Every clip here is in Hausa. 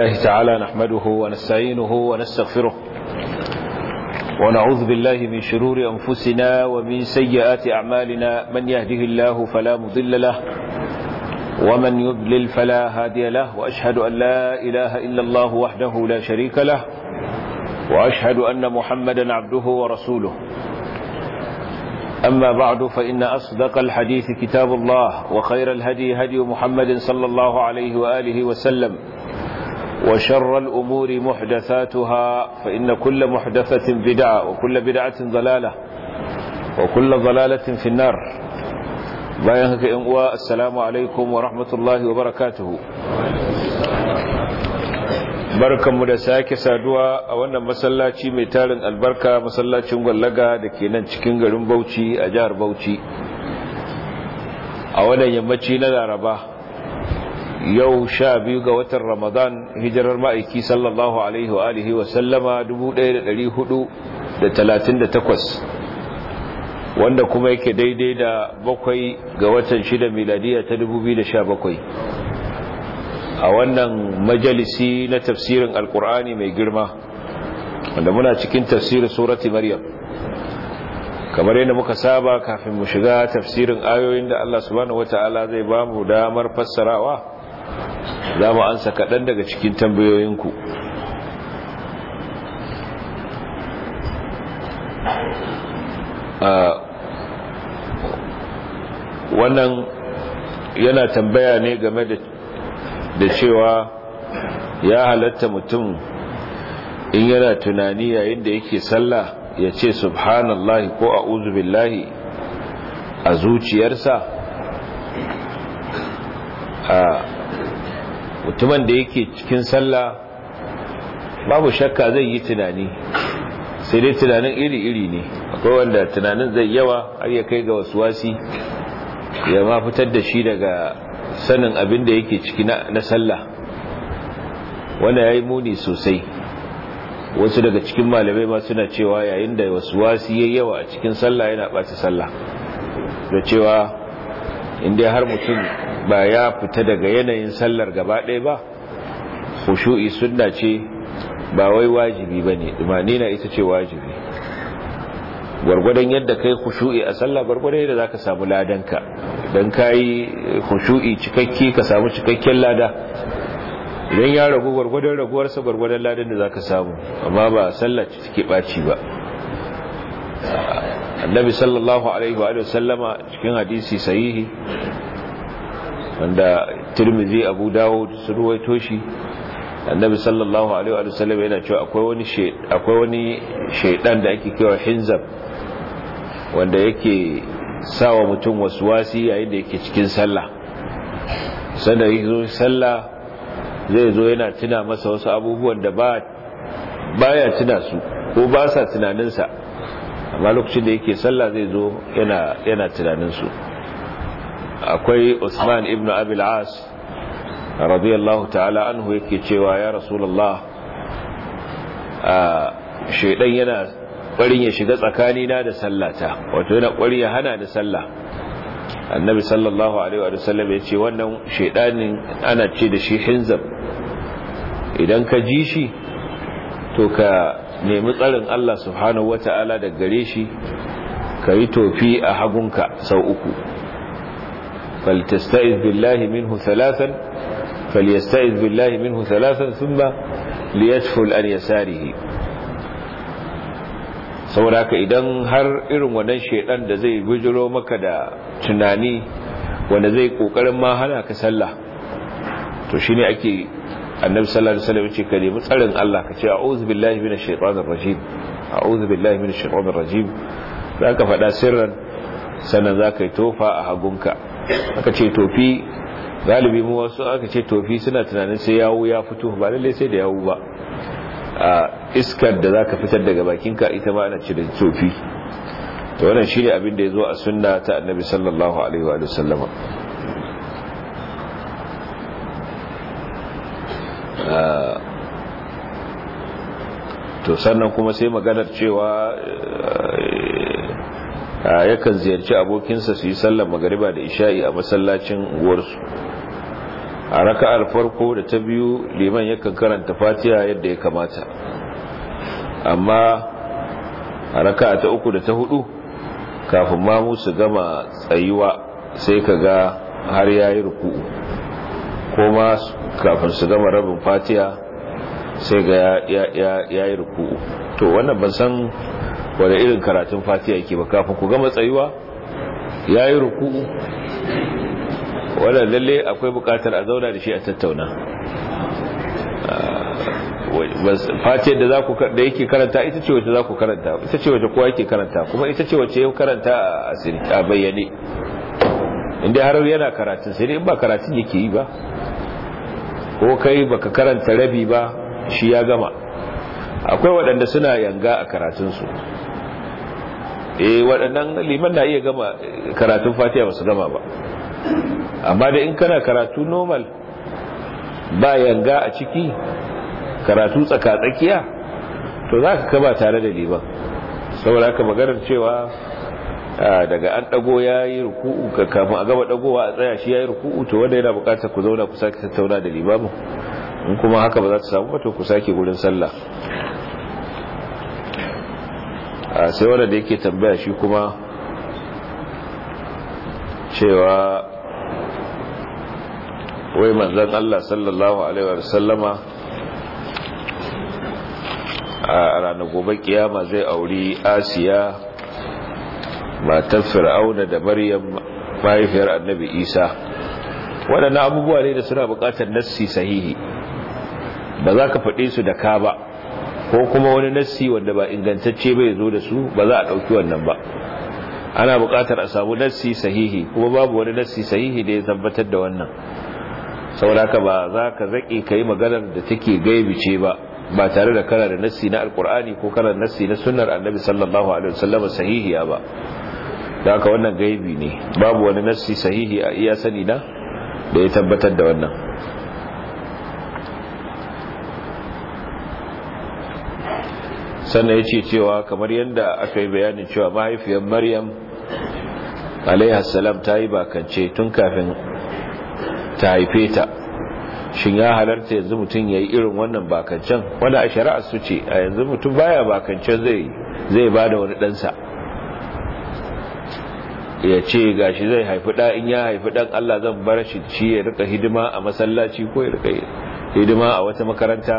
الله تعالى نحمده ونستعينه ونستغفره ونعوذ بالله من شرور أنفسنا ومن سيئات أعمالنا من يهده الله فلا مضل له ومن يضلل فلا هادي له وأشهد أن لا إله إلا الله وحده لا شريك له وأشهد أن محمدا عبده ورسوله أما بعد فإن أصدق الحديث كتاب الله وخير الهدي هدي محمد صلى الله عليه وآله وسلم وشر الأمور محدثاتها فإن كل محدثة بدعة وكل بدعة ضلالة وكل ضلالة في النار بيانك إمواء السلام عليكم ورحمة الله وبركاته barkan mu da sake saduwa a wannan masallaci mai tarin albarka masallacin gwallaga da ke nan cikin garin bauchi a jihar bauchi a wannan yammaci na laraba yau sha biyu ga watan ramadan hijirar ma'aiki sallallahu alaihi wa alihi wa sallama 1438 wanda kuma yake daidai da bakwai ga watan shida miladiya ta 2017 a wannan majalisi na tafsirin alkur'ani mai girma wanda muna cikin tafsirin surati maryam kamar yadda muka saba kafin mu shiga tafsirin ayoyin da Allah subhanahu ta'ala zai bamu damar fassarawa za mu ansa kaɗan daga cikin tambayoyinku ah, wannan yana tambaya ne game da cewa ya halatta mutum in yana tunani yayin da yake sallah ya ce subhanallah ko a'udhu billahi a zuciyarsa ah, mutumin da yake cikin sallah babu shakka zai yi tunani sai dai tunanin iri-iri ne akwai wanda tunanin zai yawa har ya kai ga wasu wasi ya ma fitar da shi daga sanin abin da yake ciki na sallah wanda ya yi muni sosai wasu daga cikin malamai ma suna cewa yayin da wasu wasi ya yawa a cikin sallah yana ɓaci sallah da cewa inda har mutum ba ya fita daga yanayin sallar gaba ɗaya ba Hushu'i sunna ce ba wai wajibi ba bane dumanina ita ce wajibi gwargwadon yadda kai hushu'i a sallah gwargwadon yadda za ka samu ladanka ka yi hushu'i cikakke ka samu cikakken lada idan ya ragu gwargwadon raguwarsa gwargwadon ladan da ka samu amma ba sallah sallar take ɓaci ba annabi sallallahu alaihi wa sallama cikin hadisi sahihi wanda tirmizi abu dawud sun ruwai shi annabi sallallahu alaihi wa sallam yana cewa akwai wani akwai wani shaydan da ake kewa hinzab wanda yake sawa mutum waswasi yayin da yake cikin sallah sanda yake sallah zai zo yana tuna masa wasu abubuwan da ba baya tuna su ko ba sa tunaninsa amma lokacin da yake sallah zai zo yana yana tunaninsu akwai usman ibn abil as radiyallahu ta'ala anhu yake cewa ya rasulullah shaidan yana ƙwarin ya shiga tsakanina da sallata wato yana ƙwarin ya hana da sallah annabi sallallahu alaihi wa sallam ya ce wannan shaidanin ana ce da shi hinzab idan ka ji shi to ka nemi tsarin Allah subhanahu ta'ala da gare shi ka yi tofi a hagunka sau uku فلتستعذ بالله منه ثلاثا فليستعذ بالله منه ثلاثا ثم ليشفل عن يساره saboda idan har irin wannan shedan da zai bujiro maka da tunani wanda zai kokarin ma hana ka sallah to shine ake annabi sallallahu alaihi wasallam yace ka nemi tsarin Allah ka ce a'udhu billahi minash shaitanir rajim a'udhu billahi minash shaitanir rajim zaka faɗa sirran sannan zaka yi tofa a hagunka aka ce tofi galibi mu wasu aka ce tofi suna tunanin sai yawo ya fito ba lalle sai da yawo ba a iskar da zaka fitar daga bakin ka ita ma ana ce da tofi to wannan shine abin da yazo a sunna ta annabi sallallahu alaihi wa sallama to sannan kuma sai maganar cewa eh, yakan ziyarci abokinsa su yi sallar magariba da isha'i a masallacin unguwarsu a raka'ar farko da ta biyu liman yakan karanta fatiha yadda ya kamata amma a raka'a ta uku da ta hudu kafin mamu su gama tsayuwa sai ka ga har ruku. Ko ma kafin su gama rabin Fatiya sai ga ya yi ruku. to wannan ban san wanda irin karatun fatiya yake ba kafin ku gama tsayuwa ya yi ruku wadda lalle akwai bukatar a zauna da shi a tattauna ah, fatiya da za ku da yake karanta ita ce wace za ku karanta ita ce wace kowa yake karanta kuma ita ce wace ya karanta a bayyane inda har yana karatun sai in ba karatun yake yi ba ko kai baka karanta rabi ba shi ya gama akwai waɗanda suna yanga a karatunsu eh waɗannan liman na iya gama karatun fatiha ba su gama ba amma da in kana karatu normal ba yanga a ciki karatu tsakatsakiya to za ka kaba tare da liman saboda haka maganar cewa daga an dago ya yi ruku'u kafin a gaba ɗagowa a tsaya shi ya yi ruku'u to wanda yana bukatar ku zauna ku sake tattauna da limamu in kuma haka ba za ta samu ba to ku sake gurin sallah sai wanda da yake tambaya shi kuma cewa wai manzan Allah sallallahu Alaihi wasallama a ranar gobe kiyama zai auri asiya matan fir'auna da maryam mahaifiyar annabi isa waɗannan abubuwa ne da suna buƙatar nassi sahihi ba za ka faɗi su da ka ba ko kuma wani nassi wanda ba ingantacce bai zo da su ba za a ɗauki wannan ba ana buƙatar a samu nassi sahihi kuma babu wani nassi sahihi da ya tabbatar da wannan sauraka ba za ka zaƙe ka yi maganar da take ce ba ba tare da kana da nassi na alkur'ani ko kana nassi na sunnar annabi sallallahu alaihi wasallam sahihiya ba da haka wannan gaibi ne babu wani nassi sahihi a iya sani na da ya tabbatar da wannan sannan ya ce cewa kamar yadda aka yi bayanin cewa mahaifiyar maryam alaihassalam ta yi bakance tun kafin ta haife ta shin ya halarta yanzu mutum ya yi irin wannan bakancen wanda a shari'a su ce a yanzu mutum baya bakancen zai ba da wani ɗansa ya ce gashi zai haifi ɗa in ya haifi ɗan Allah zan bar shi shi ya rika hidima a masallaci ko ya rika hidima a wata makaranta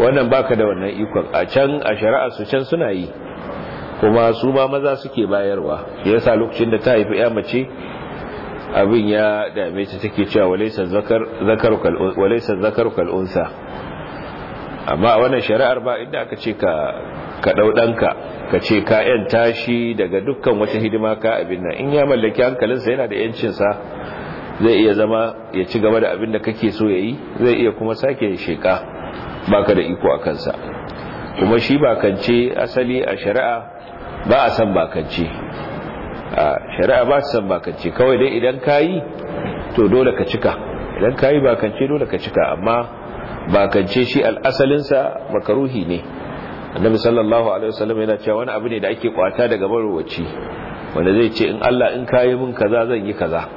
wannan baka da wannan ikon a can a shari'a su can suna yi kuma su ma maza suke bayarwa yasa lokacin da ta haifi ya mace abin ya dame ta take cewa walaysa zakar kalunsa. kal unsa wannan shari'ar ba inda aka ce ka ka dau ka ce ka yan tashi daga dukkan wata hidima ka abin nan in ya mallaki hankalinsa yana da yancin sa zai iya zama ya ci gaba da abin da kake so ya yi zai iya kuma sake sheka baka da iko a kansa kuma shi bakance asali a shari'a ba a san bakance a shari'a ba su san bakance kawai dai idan kayi to dole ka cika idan kayi bakance dole ka cika amma bakance shi al'asalinsa makaruhi ne annabi sallallahu alaihi wasallam yana cewa wani abu ne da ake kwata daga barwaci wanda zai ce in Allah in kayi min kaza zan yi kaza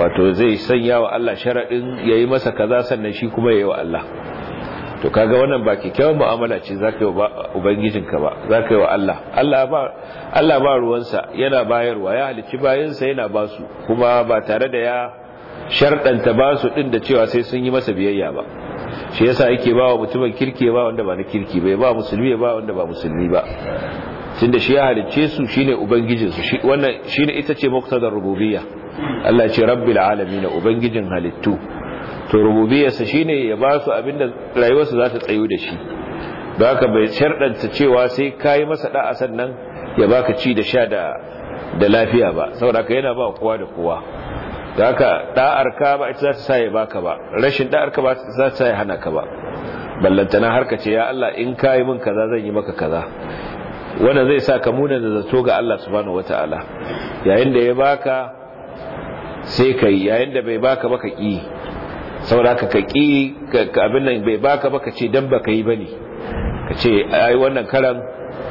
wato zai sanya wa Allah sharadin yayi masa kaza sannan shi kuma yayi wa Allah to kaga wannan ba kikkiawar mu'amala ce zaka yi wa ubangijinka ba zaka yi wa Allah Allah ba Allah ba ruwansa yana bayarwa ya halicci bayansa yana basu kuma ba tare da ya sharɗanta basu ɗin da cewa sai sun yi masa biyayya ba shi yasa yake ba wa mutumin kirki ba wanda ba na kirki bai ba musulmi ba wanda ba musulmi ba tunda shi ya halicce su shine ubangijin su shi wannan ita ce muktadar rububiyya Allah ya ce rabbil alamin ubangijin halittu to rububiyarsa ne ya ba su abinda rayuwarsu za ta tsayu da shi ba ka bai sharɗanta cewa sai ka yi masa ɗa'a sannan ya baka ci da sha da lafiya ba saboda ka yana ba kowa da kowa Za ka ɗa'ar ka ba ita za ta sa ya baka ba rashin ɗa'ar ka ba za ta sa ya hana ka ba ballantana har ka ce ya Allah in ka yi min kaza zan yi maka kaza wanda zai sa ka muna da zato ga Allah subhanahu wataala yayin da ya baka sai ka yi yayin da bai baka ba ki. saboda ka ki abin nan bai baka ba ka ce dan baka yi bane ka ce ai wannan karan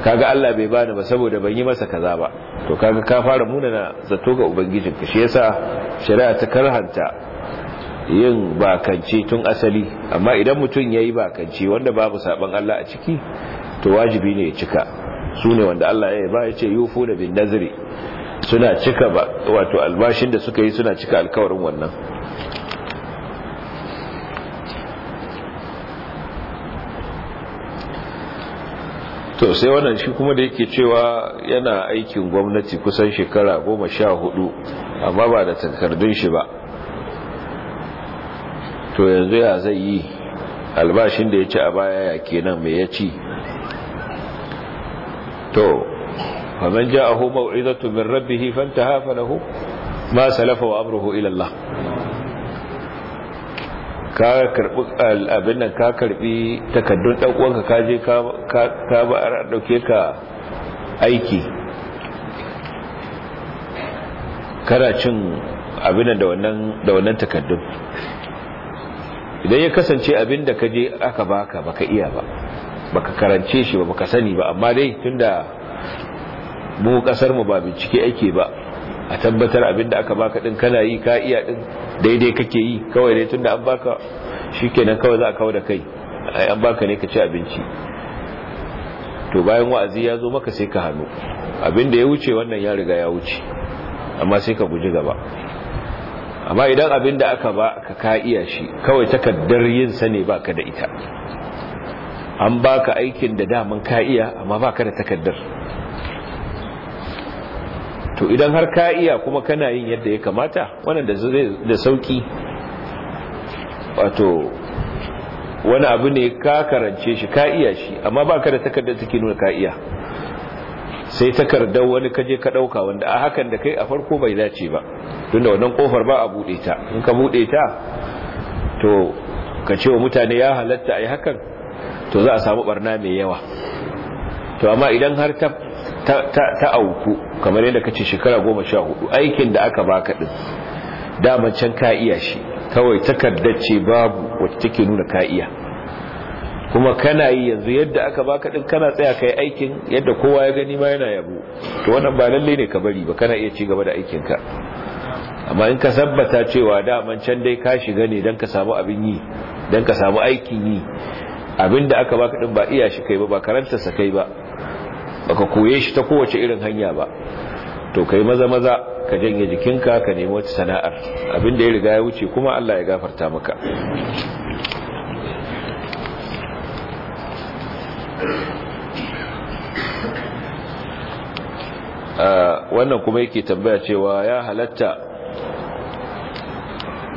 kaga Allah bai bani ba saboda ban yi masa kaza ba to kaga ka fara munana zato ga ubangijin ka shi yasa shari'a ta karhanta yin bakanci tun asali amma idan mutum yayi bakanci wanda babu saban Allah a ciki to wajibi ne ya cika sune wanda Allah ya ba ya ce yufu da bin nazri suna cika ba wato albashin da suka yi suna cika alkawarin wannan to sai wannan shi kuma da yake cewa yana aikin gwamnati kusan shekara goma sha hudu amma ba da takardun shi ba to yanzu ya zai yi albashin da ya ci a baya ya ke nan mai ya ci to faman ja'ahu maw'izatu min rabbih fantaha falahu ma salafa wa amruhu ila ka karbi abin nan ka karbi takaddun dan uwanka ka je ka ka ba dauke ka aiki kana cin abin da wannan da wannan takaddun idan ya kasance abin da ka je aka baka baka iya ba baka karance shi ba baka sani ba amma dai tunda mu kasar mu ba bincike ake ba a tabbatar abin da aka baka din kana yi ka iya din daidai kake yi kawai dai tunda an baka shikenan kawai za a kawo da kai ai an baka ne ka ci abinci to bayan wa'azi ya zo maka sai ka hannu da ya wuce wannan ya riga ya wuce amma sai ka guji gaba amma idan abin da aka ba ka ka iya shi kawai takaddar yin sa ne baka da ita an baka aikin da daman ka iya amma baka da takaddar to idan har ka iya kuma kana yin yadda ya kamata wannan da da sauki wato wani abu ne ka karance shi ka iya shi amma baka da takardar take nuna ka iya sai takardar wani kaje ka dauka wanda a hakan da kai a farko bai dace ba tunda wannan kofar ba a bude ta in ka bude ta to ka ce mutane ya halatta ai hakan to za a samu barna mai yawa to amma idan har ta ta auku kamar yadda kace shekara goma sha hudu aikin da aka baka din daman can ka iya shi kawai takardar ce babu wacce take nuna ka iya kuma kana yi yanzu yadda aka baka din kana tsaya kai aikin yadda kowa ya gani ma yana yabo to wannan ba lalle ne ka bari ba kana iya ci gaba da aikin ka amma in ka sabbata cewa daman can dai ka shiga ne dan ka samu abin yi dan ka samu aikin yi abinda aka baka din ba iya shi kai ba ba karanta sa kai ba baka koye shi ta kowace irin hanya ba to kai maza maza ka janye jikinka ka nemi wata sana'ar Abin da ya riga ya wuce kuma Allah ya gafarta maka ah, wannan kuma yake tambaya cewa ya halatta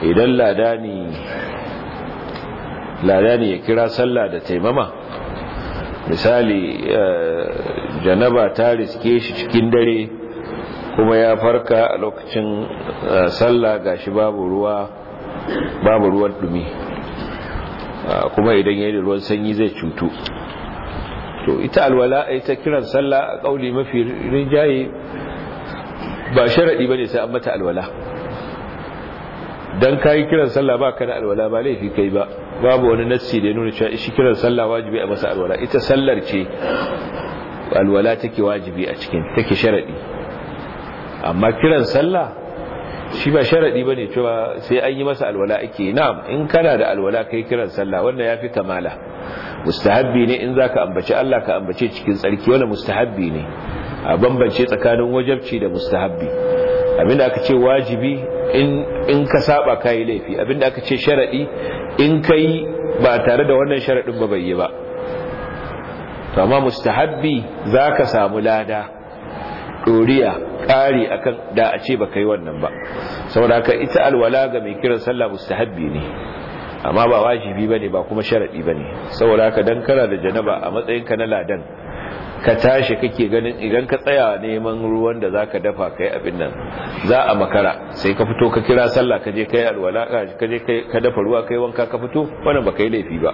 idan ladani ladani ya kira sallah da taimama misali eh, janaba ta riske shi cikin dare kuma ya farka a lokacin eh, sallah gashi babu ruwa babu ruwan dumi ah, kuma idan yayi ruwan sanyi zai cutu to ita alwala ita kiran sallah a kauli mafi rinjaye ba sharadi bane sai an mata alwala dan kai kiran sallah ba ka da alwala ba laifi kai ba babu wani nassi da ya nuna cewa shi kiran sallah wajibi a masa alwala ita sallar ce alwala take wajibi a cikin take sharadi amma kiran sallah shi ba sharadi bane cewa sai an yi masa alwala ake na'am in kana da alwala kai kiran sallah wannan yafi kamala mustahabbi ne in zaka ambaci Allah ka ambace cikin tsarki wannan mustahabbi ne a bambance tsakanin wajibci da mustahabbi abinda aka ce wajibi in in ka saba kai laifi abinda aka ce sharadi in kai ba tare da wannan sharadin ba bai yi ba to amma mustahabbi zaka samu lada doriya kari akan da a ce baka yi wannan ba saboda haka ita alwala ga mai kiran sallah mustahabbi ne amma ba wajibi bane ba kuma sharadi bane saboda haka dan kana da janaba a matsayin ka na ladan ka tashi kake ganin idan ka tsaya neman ruwan da zaka dafa kai abin nan za a makara sai ka fito ka kira sallah ka je kai alwala ka je kai ka dafa ruwa kai wanka ka fito wannan ba kai laifi ba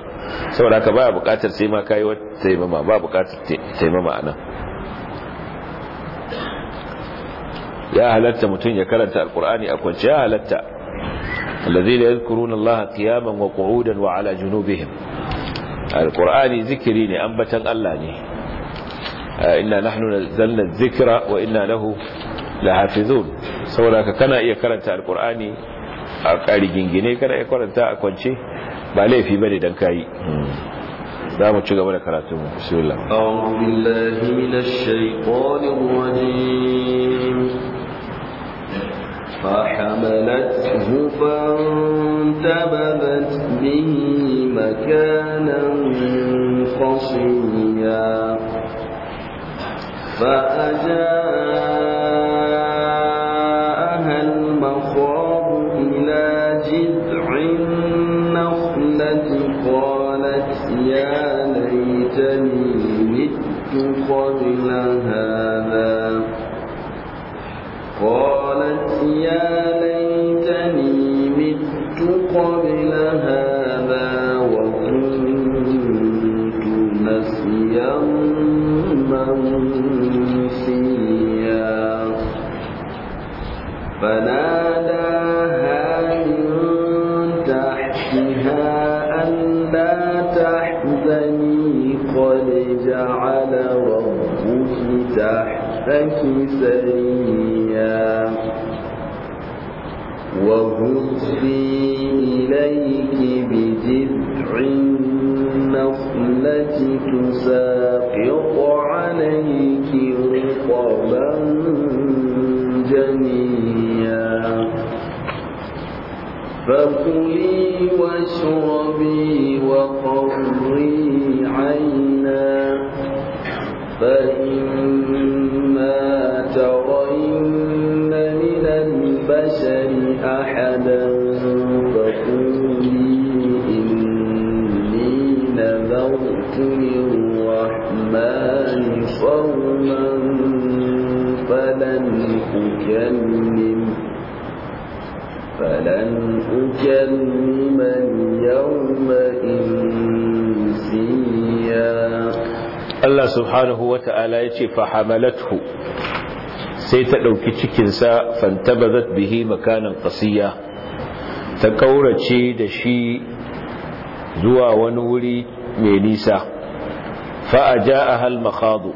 saboda ka ba bukatar sai ma kai sai taimama ba bukatar taimama anan ya halatta mutum ya karanta alqur'ani a kwance ya halatta alladhina yadhkuruna allaha qiyaman wa qu'udan wa ala junubihim alqur'ani zikiri ne ambatan Allah ne inna nahnu nazzalna dhikra wa inna lahu lahafizun saboda ka kana iya karanta alqur'ani a kari gingine kana iya karanta a kwance ba laifi bane dan kai za mu ci gaba da karatu mu bismillah a'udhu billahi minash shaitanir rajim فحملته فانتبذت به مكانا قصيا فأجاءها المخاض إلى جذع النخلة قالت يا ليتني مت قبل هذا قالت يا ليتني مت قبل هذا وكنت نسيا منسيا سريا وهزي إليك بجذع النخلة تساقط عليك رطبا جنيا فكلي واشربي وقري عينا فإن البشر أحدا فقولي إني نذرت للرحمن صوما فلن أكلم فلن أكلم اليوم إنسيا الله سبحانه وتعالى يتي فحملته sai ta ɗauki cikinsa fantabazat bihi makanan ƙasiya ta ƙaurace da shi zuwa wani wuri mai nisa fa'a ja a hal makhadu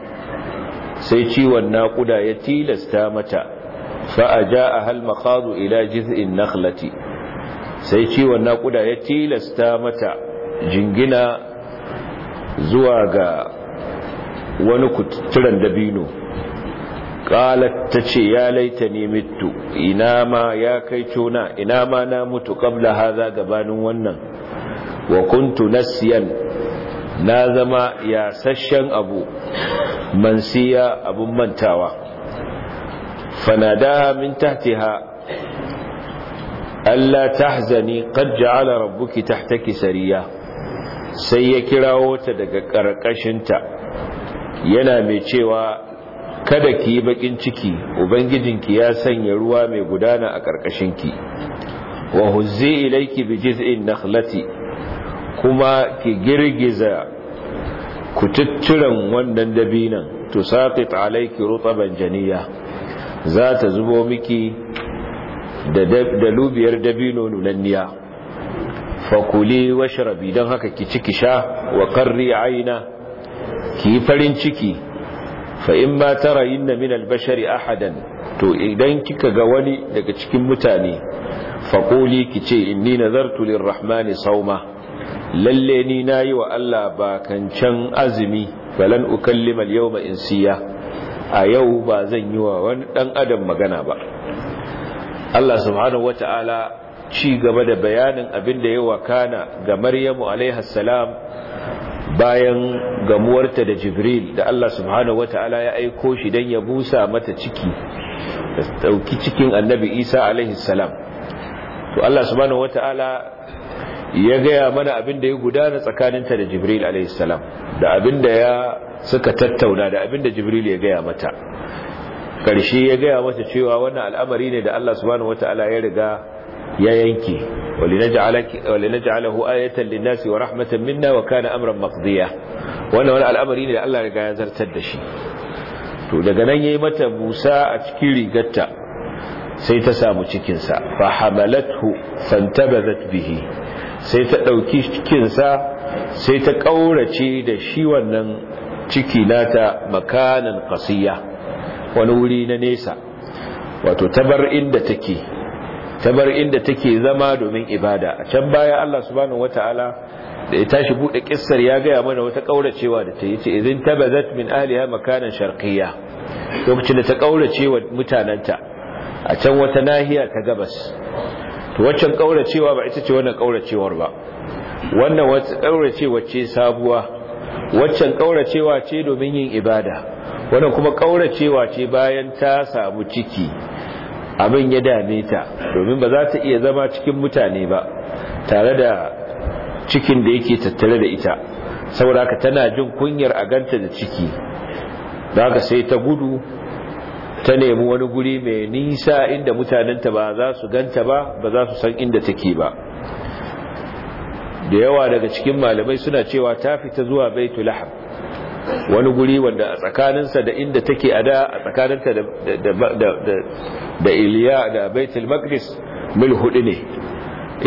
sai ciwon naƙuda ya tilasta mata fa'a ja a hal ila jiz'in nakhlati sai ciwon naƙuda ya tilasta mata jingina zuwa ga wani kuturan dabino qalat tace ya laitani mittu ina ma ya kai tona ina ma na mutu qabla hadha gabanin wannan wa kuntu nasiyan na zama yasashen abu mansiya abun mantawa fanadaha min tahtiha alla tahzani qad ja'ala rabbuki tahtaki sariya sai ya kirawo ta daga ta yana mai cewa kada ki yi bakin ciki ubangijinki ya sanya ruwa mai gudana a ƙarƙashinki wa huzzi ilayki bi jiz'in nakhlati kuma ki girgiza kututturan wannan dabinan saqit alayki rutaban janiya za ta zubo miki da lubiyar dabino nunanniya fakuli washrabi dan haka ki ciki sha wa qarri aina ki farin ciki fa in ma na min albashari bashari ahadan to idan kika ga wani daga cikin mutane faquli kice inni zartulin lirrahmani sauma lalle ni na yi wa Allah bakancan azumi falan ukallima al in siya. a yau ba zan yi wa wani ɗan adam magana ba Allah subhanahu wataala ci gaba da bayanin abin da ya wakana ga Maryamu alaiha salam bayan gamuwarta da jibril da Allah subhanahu wata'ala ya aiko shi don ya busa mata ciki da ɗauki cikin annabi isa alaihi salam to Allah subhanahu wata'ala ya gaya mana abin da ya gudana tsakaninta da jibril alaihi salam da abin da ya suka tattauna da abin da jibril ya gaya mata Karshe ya gaya mata cewa wannan al'amari ne da Allah subhanahu wata'ala ya riga ya yanke ولنجعله آية للناس ورحمة منا وكان wani al'amari ne وانا الأمرين لألا zartar da تدشي to daga nan ya yi mata busa a cikin rigarta sai ta samu cikinsa sa fa hamalathu fantabazat bihi sai ta ɗauki cikin sa sai ta kaurace da shi wannan ciki nata makanan qasiya wani wuri na nesa wato ta bar inda take ta bar inda take zama domin ibada a can baya Allah subhanahu wataala da ya tashi bude kissar ya gaya mana wata kauracewa da ta yi ce idan tabazat min ahliha makanan sharqiyya lokacin da ta kauracewa mutananta a can wata nahiya ta gabas to waccan kauracewa ba ita ce wannan kauracewar ba wannan wata kauracewa ce sabuwa waccan kauracewa ce domin yin ibada wannan kuma kauracewa ce bayan ta samu ciki abin ya dame ta domin ba za ta iya zama cikin mutane ba tare da cikin da yake tattare da ita ka tana jin kunyar a ganta da ciki daga sai ta gudu ta nemi wani guri mai nisa inda mutanenta ba za su ganta ba ba za su san inda take ba da yawa daga cikin malamai suna cewa ta fita zuwa baitul lahab wani guri wanda a tsakaninsa da inda take a da a tsakaninta da iliya da baitul maqdis mil hudu ne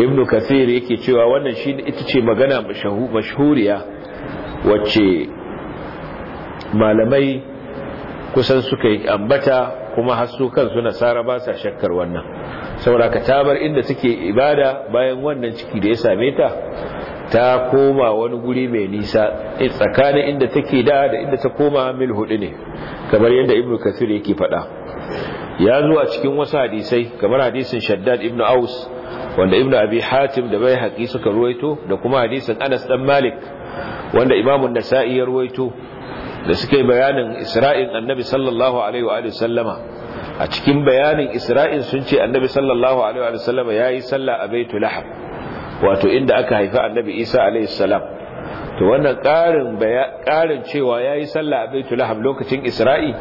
ibnu kasir yake cewa wannan shi ita ce magana mashhuriya wacce malamai kusan suka yi ambata kuma hasu kansu nasara ba sa shakkar wannan saboda ka tabar inda suke ibada bayan wannan ciki da ya same ta ta koma wani guri mai nisa eh, tsakanin inda take da da inda ta koma mil hudu ne kamar yadda ibn kasir yake faɗa ya zo a cikin wasu hadisai kamar hadisin shaddad ibn aus wanda ibn abi hatim da bai haƙi suka ruwaito da kuma hadisin anas dan malik wanda imamun nasa'i ya ruwaito da suka yi bayanin isra'in annabi sallallahu alaihi wa sallama a cikin bayanin isra'in sun ce annabi sallallahu alaihi wa sallama ya yi sallah a baitul lahab wato inda aka haifi annabi isa alaihi salam to wannan ƙarin karin cewa yayi sallah a baitul lokacin isra'i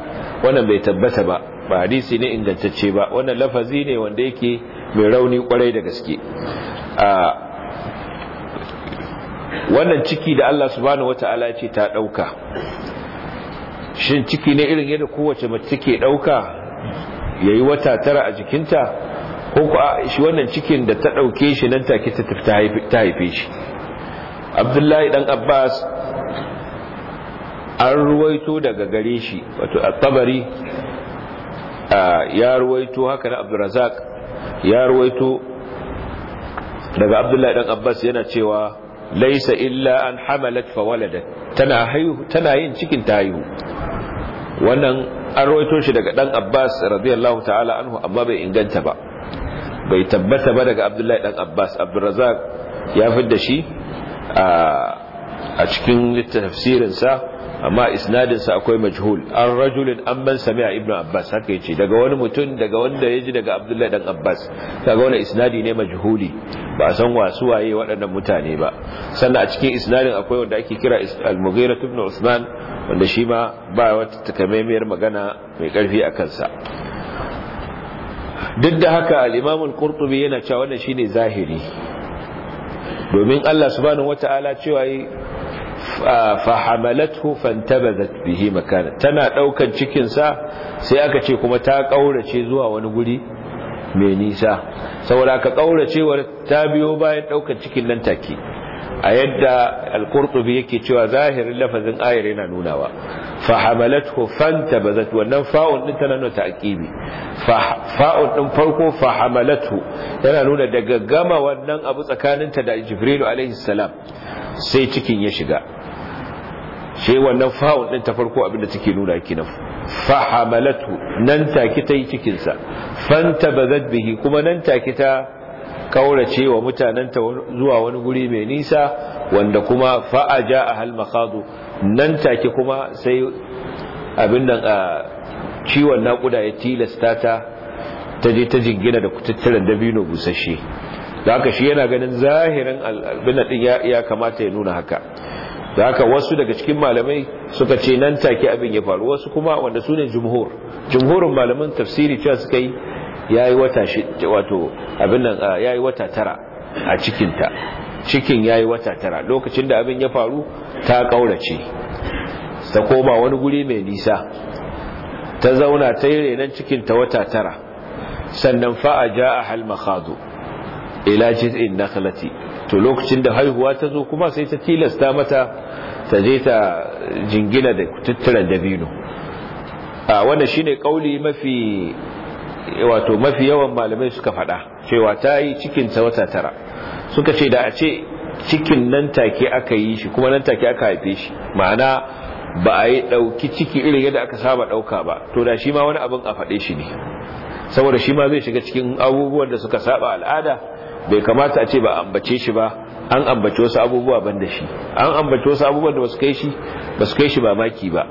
wannan bai tabbata ba ba hadisi ne ingantacce ba wannan lafazi ne wanda yake mai rauni kwarai da gaske a wannan ciki da Allah subhanahu wataala ce ta dauka shin ciki ne irin yadda kowace mace take dauka yayi wata tara a jikinta ko ku shi wannan cikin da ta ɗauke shi nan take ta ta haife shi abdullahi dan abbas an ruwaito daga gare shi wato at-tabari ya ruwaito haka na abdurrazak ya ruwaito daga abdullahi dan abbas yana cewa laisa illa an hamalat fa waladat tana haihu tana yin cikin ta haihu wannan an ruwaito shi daga dan abbas radiyallahu ta'ala anhu amma bai inganta ba bai tabbata ba daga abdullahi dan abbas abdurrazak ya fidda shi a cikin tafsirinsa amma isnadinsa akwai majhul an rajulin an sami sami'a ibnu abbas haka yace daga wani mutum daga wanda ya ji daga abdullahi dan abbas kaga wannan isnadi ne majhuli ba san wasu waye waɗannan mutane ba sannan a cikin isnadin akwai wanda ake kira al-mughira ibn usman wanda shi ma ba wata takamaimiyar magana mai karfi a kansa duk da haka al’imamun imam yana cewa wannan shine zahiri domin Allah subhanahu wataala cewa yi fa hamalathu fantabazat bihi makana tana daukan cikin sa sai aka ce kuma ta ƙaurace zuwa wani guri mai nisa saboda ka kauracewar ta biyo bayan ɗaukan cikin nan take a yadda al-qurtubi yake cewa zahirin lafazin ayar yana nunawa fa hamalathu fanta bazat wannan fa'un din tana nuna ta'kibi fa'un din farko fa hamalathu yana nuna daga gama wannan abu tsakaninta da jibrilu alaihi salam sai cikin ya shiga she wannan fa'un din ta farko abinda take nuna kenan fa hamalathu nan take tayi cikin sa fanta bazat bihi kuma nan take ta kaurace wa mutanenta zuwa wani guri mai nisa wanda kuma fa'a ja a halmakadu nan take kuma sai abin nan a ciwon naƙuda ya tilasta ta ta je ta jingina da kututturen dabino busashe da haka shi yana ganin zahirin albina din ya kamata ya nuna haka da haka wasu daga cikin malamai suka ce nan take abin ya faru wasu kuma wanda su ne jumhur jumhurin malamin tafsiri cewa suka yi yi wata shi wato abin nan yi wata tara a cikin ta cikin yayi wata tara lokacin da abin ya faru ta kaurace ta koma wani guri mai nisa ta zauna ta yi renon cikin ta wata tara sannan fa'a ja a halmakhadu ila jiz'in nakhlati to lokacin da haihuwa ta zo kuma sai ta tilasta mata ta je ta jingina da tuttura dabino a wannan shine kauli mafi wato mafi yawan malamai suka faɗa cewa ta yi cikin ta wata tara suka ce da a ce cikin nan take aka yi shi kuma nan take aka haife shi ma'ana ba a yi ɗauki ciki irin yadda aka saba ɗauka ba to da shi ma wani abin a faɗe shi ne saboda shi ma zai shiga cikin abubuwan da suka saba al'ada bai kamata a ce ba ambace shi ba an ambace wasu abubuwa ban da shi an ambace wasu abubuwan da basu kai shi basu kai shi mamaki ba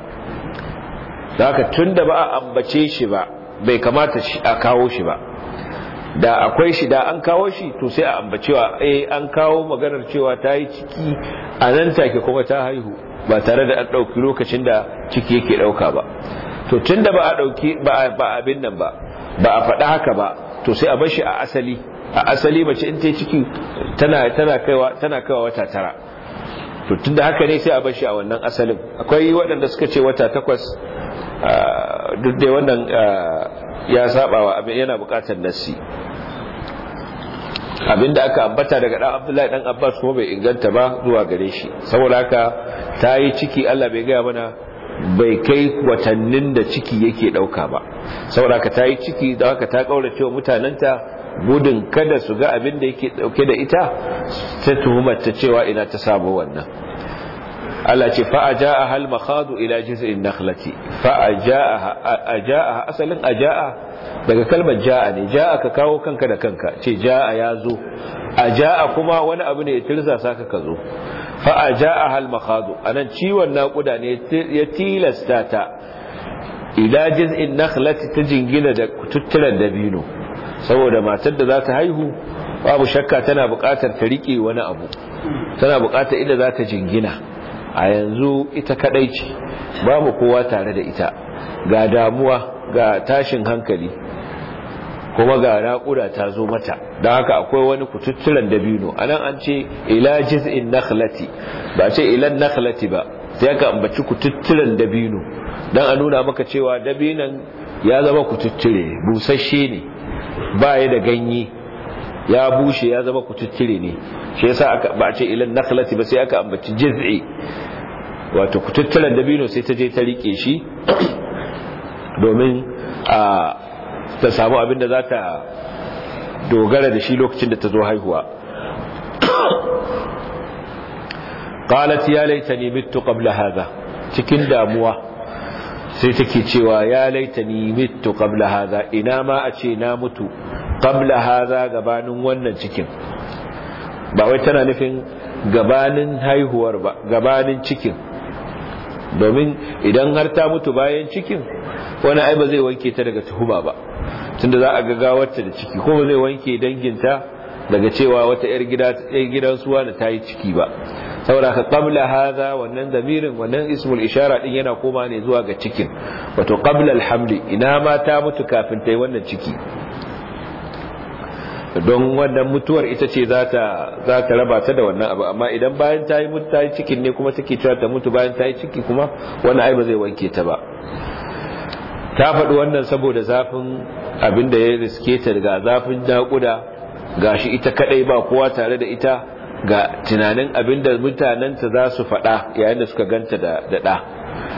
da haka tun da ba a ambace shi ba bai kamata a kawo shi ba da akwai shi da an kawo shi to sai a ambacewa eh an kawo maganar cewa ta yi ciki a nan take kuma ta haihu ba tare da an ɗauki lokacin da ciki yake ɗauka ba to tun da ba a ɗauki ba abin nan ba ba a faɗa haka ba to sai a bashi a asali a asali mace in ta yi ciki tana kaiwa wata tara to tunda haka ne sai a bar shi a wannan asalin akwai waɗanda suka ce wata takwas duk dai wannan ya sabawa abin yana buƙatar nassi abinda aka ambata daga dan Abdullahi dan Abbas kuma bai inganta ba zuwa gare shi saboda haka ta yi ciki Allah bai gaya mana bai kai watannin da ciki yake dauka ba saboda haka ta yi ciki da haka ta kaurace mutanen ta. gudun kada su ga abin da yake dauke da ita ta tuhumar ta cewa ina ta samu wannan Allah ce fa ajaa hal makhadu ila jiz'in nakhlati fa ajaa ajaa asalin ajaa daga kalmar jaa ne jaa ka kawo kanka da kanka ce jaa ya zo ajaa kuma wani abu ne ya tirza saka ka zo fa ajaa hal makhadu anan ciwon nakuda ne ya tilasta ta ila jiz'in nakhlati ta jingina da kututturan dabino saboda matar da za ta haihu babu shakka tana buƙatar ta riƙe wani abu tana buƙatar inda za ta jingina a yanzu ita kaɗai ce babu kowa tare da ita ga damuwa ga tashin hankali kuma ga raƙuda ta zo mata don haka akwai wani kututturen dabino a nan an ce ila jiz'in nakhlati ba ce ilan nakhlati ba sai ka ambaci kututturen dabino don a nuna maka cewa dabinan ya zama kututture busasshe ne ba ya da ganye ya bushe ya zama kututtire ne shi yasa aka ba ce ilan nakhlati ba sai aka ambaci jiz'i wato kututturen dabino sai ta je ta rike shi domin a ta samu abin da za ta dogara da shi lokacin da ta zo haihuwa qalat ya laitani mittu qabla hadha cikin damuwa sai take cewa ya laitani mitu qabla hadha ina ma a ce na mutu qabla haza gabanin wannan cikin ba wai tana nufin gabanin haihuwar ba gabanin cikin domin idan har ta mutu bayan cikin wani ai ba zai wanke ta daga tuhuma ba tunda za a ga gawarta da ciki kuma zai wanke danginta daga cewa wata 'yar gidansu wani ta yi ciki ba saboda ka qabla hadha wannan zamirin wannan ismul ishara din yana koma ne zuwa ga cikin wato qabla alhamli ina ma ta mutu kafin ta wannan ciki don wannan mutuwar ita ce za ta raba ta da wannan abu amma idan bayan ta yi mutu ta yi cikin ne kuma take cewa ta mutu bayan ta yi ciki kuma wani ai ba zai wanke ta ba ta faɗi wannan saboda zafin abin da ya riske ta daga zafin naƙuda gashi ita kadai ba kowa tare da ita ga tunanin abinda mutanenta za su faɗa yayin da suka ganta da ɗa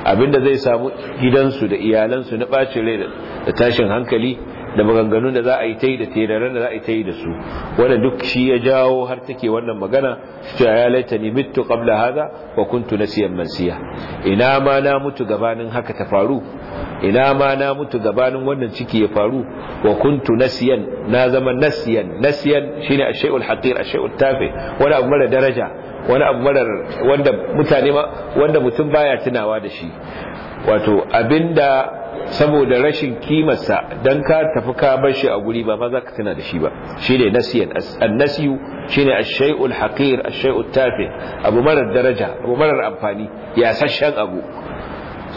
abinda zai samu gidansu da iyalansu na ɓacin rai da tashin hankali da maganganun da za a yi ta yi da teraren da za a yi ta yi da su wanda duk shi ya jawo har take wannan magana shi ya laita ni mitu qabla hadha wa kuntu nasiyan mansiya ina ma na mutu gabanin haka ta faru ina ma na mutu gabanin wannan ciki ya faru wa kuntu nasiyan na zama nasiyan nasiyan shine ashayul haqir ashayul tafi wani abu mara daraja wani abu marar wanda mutane ma wanda mutum baya tunawa da shi wato abinda saboda rashin kimarsa dan ka tafi ka bar a guri ba ma za ka tuna da shi ba shine nasiyan nasiyu shine ash haqir ash tafi abu marar daraja abu marar amfani ya sashen abu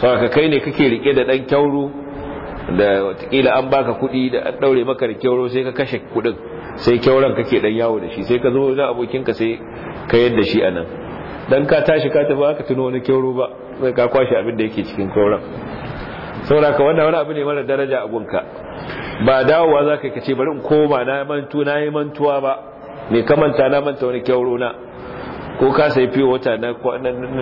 saboda kai ne kake rike da ɗan kyauro da watakila an baka kuɗi da an ɗaure maka da kyauro sai ka kashe kuɗin sai kyauron kake ɗan yawo da shi sai ka zo na abokinka sai ka yadda shi anan dan ka tashi ka tafi aka tuno wani kyauro ba sai ka kwashe abin da yake cikin kyauron saboda ka wannan wani abu ne mara daraja a gunka ba dawowa za ka kace bari in koma na mantu na yi mantuwa ba mai manta na manta wani kyauro na ko ka sai fi wata na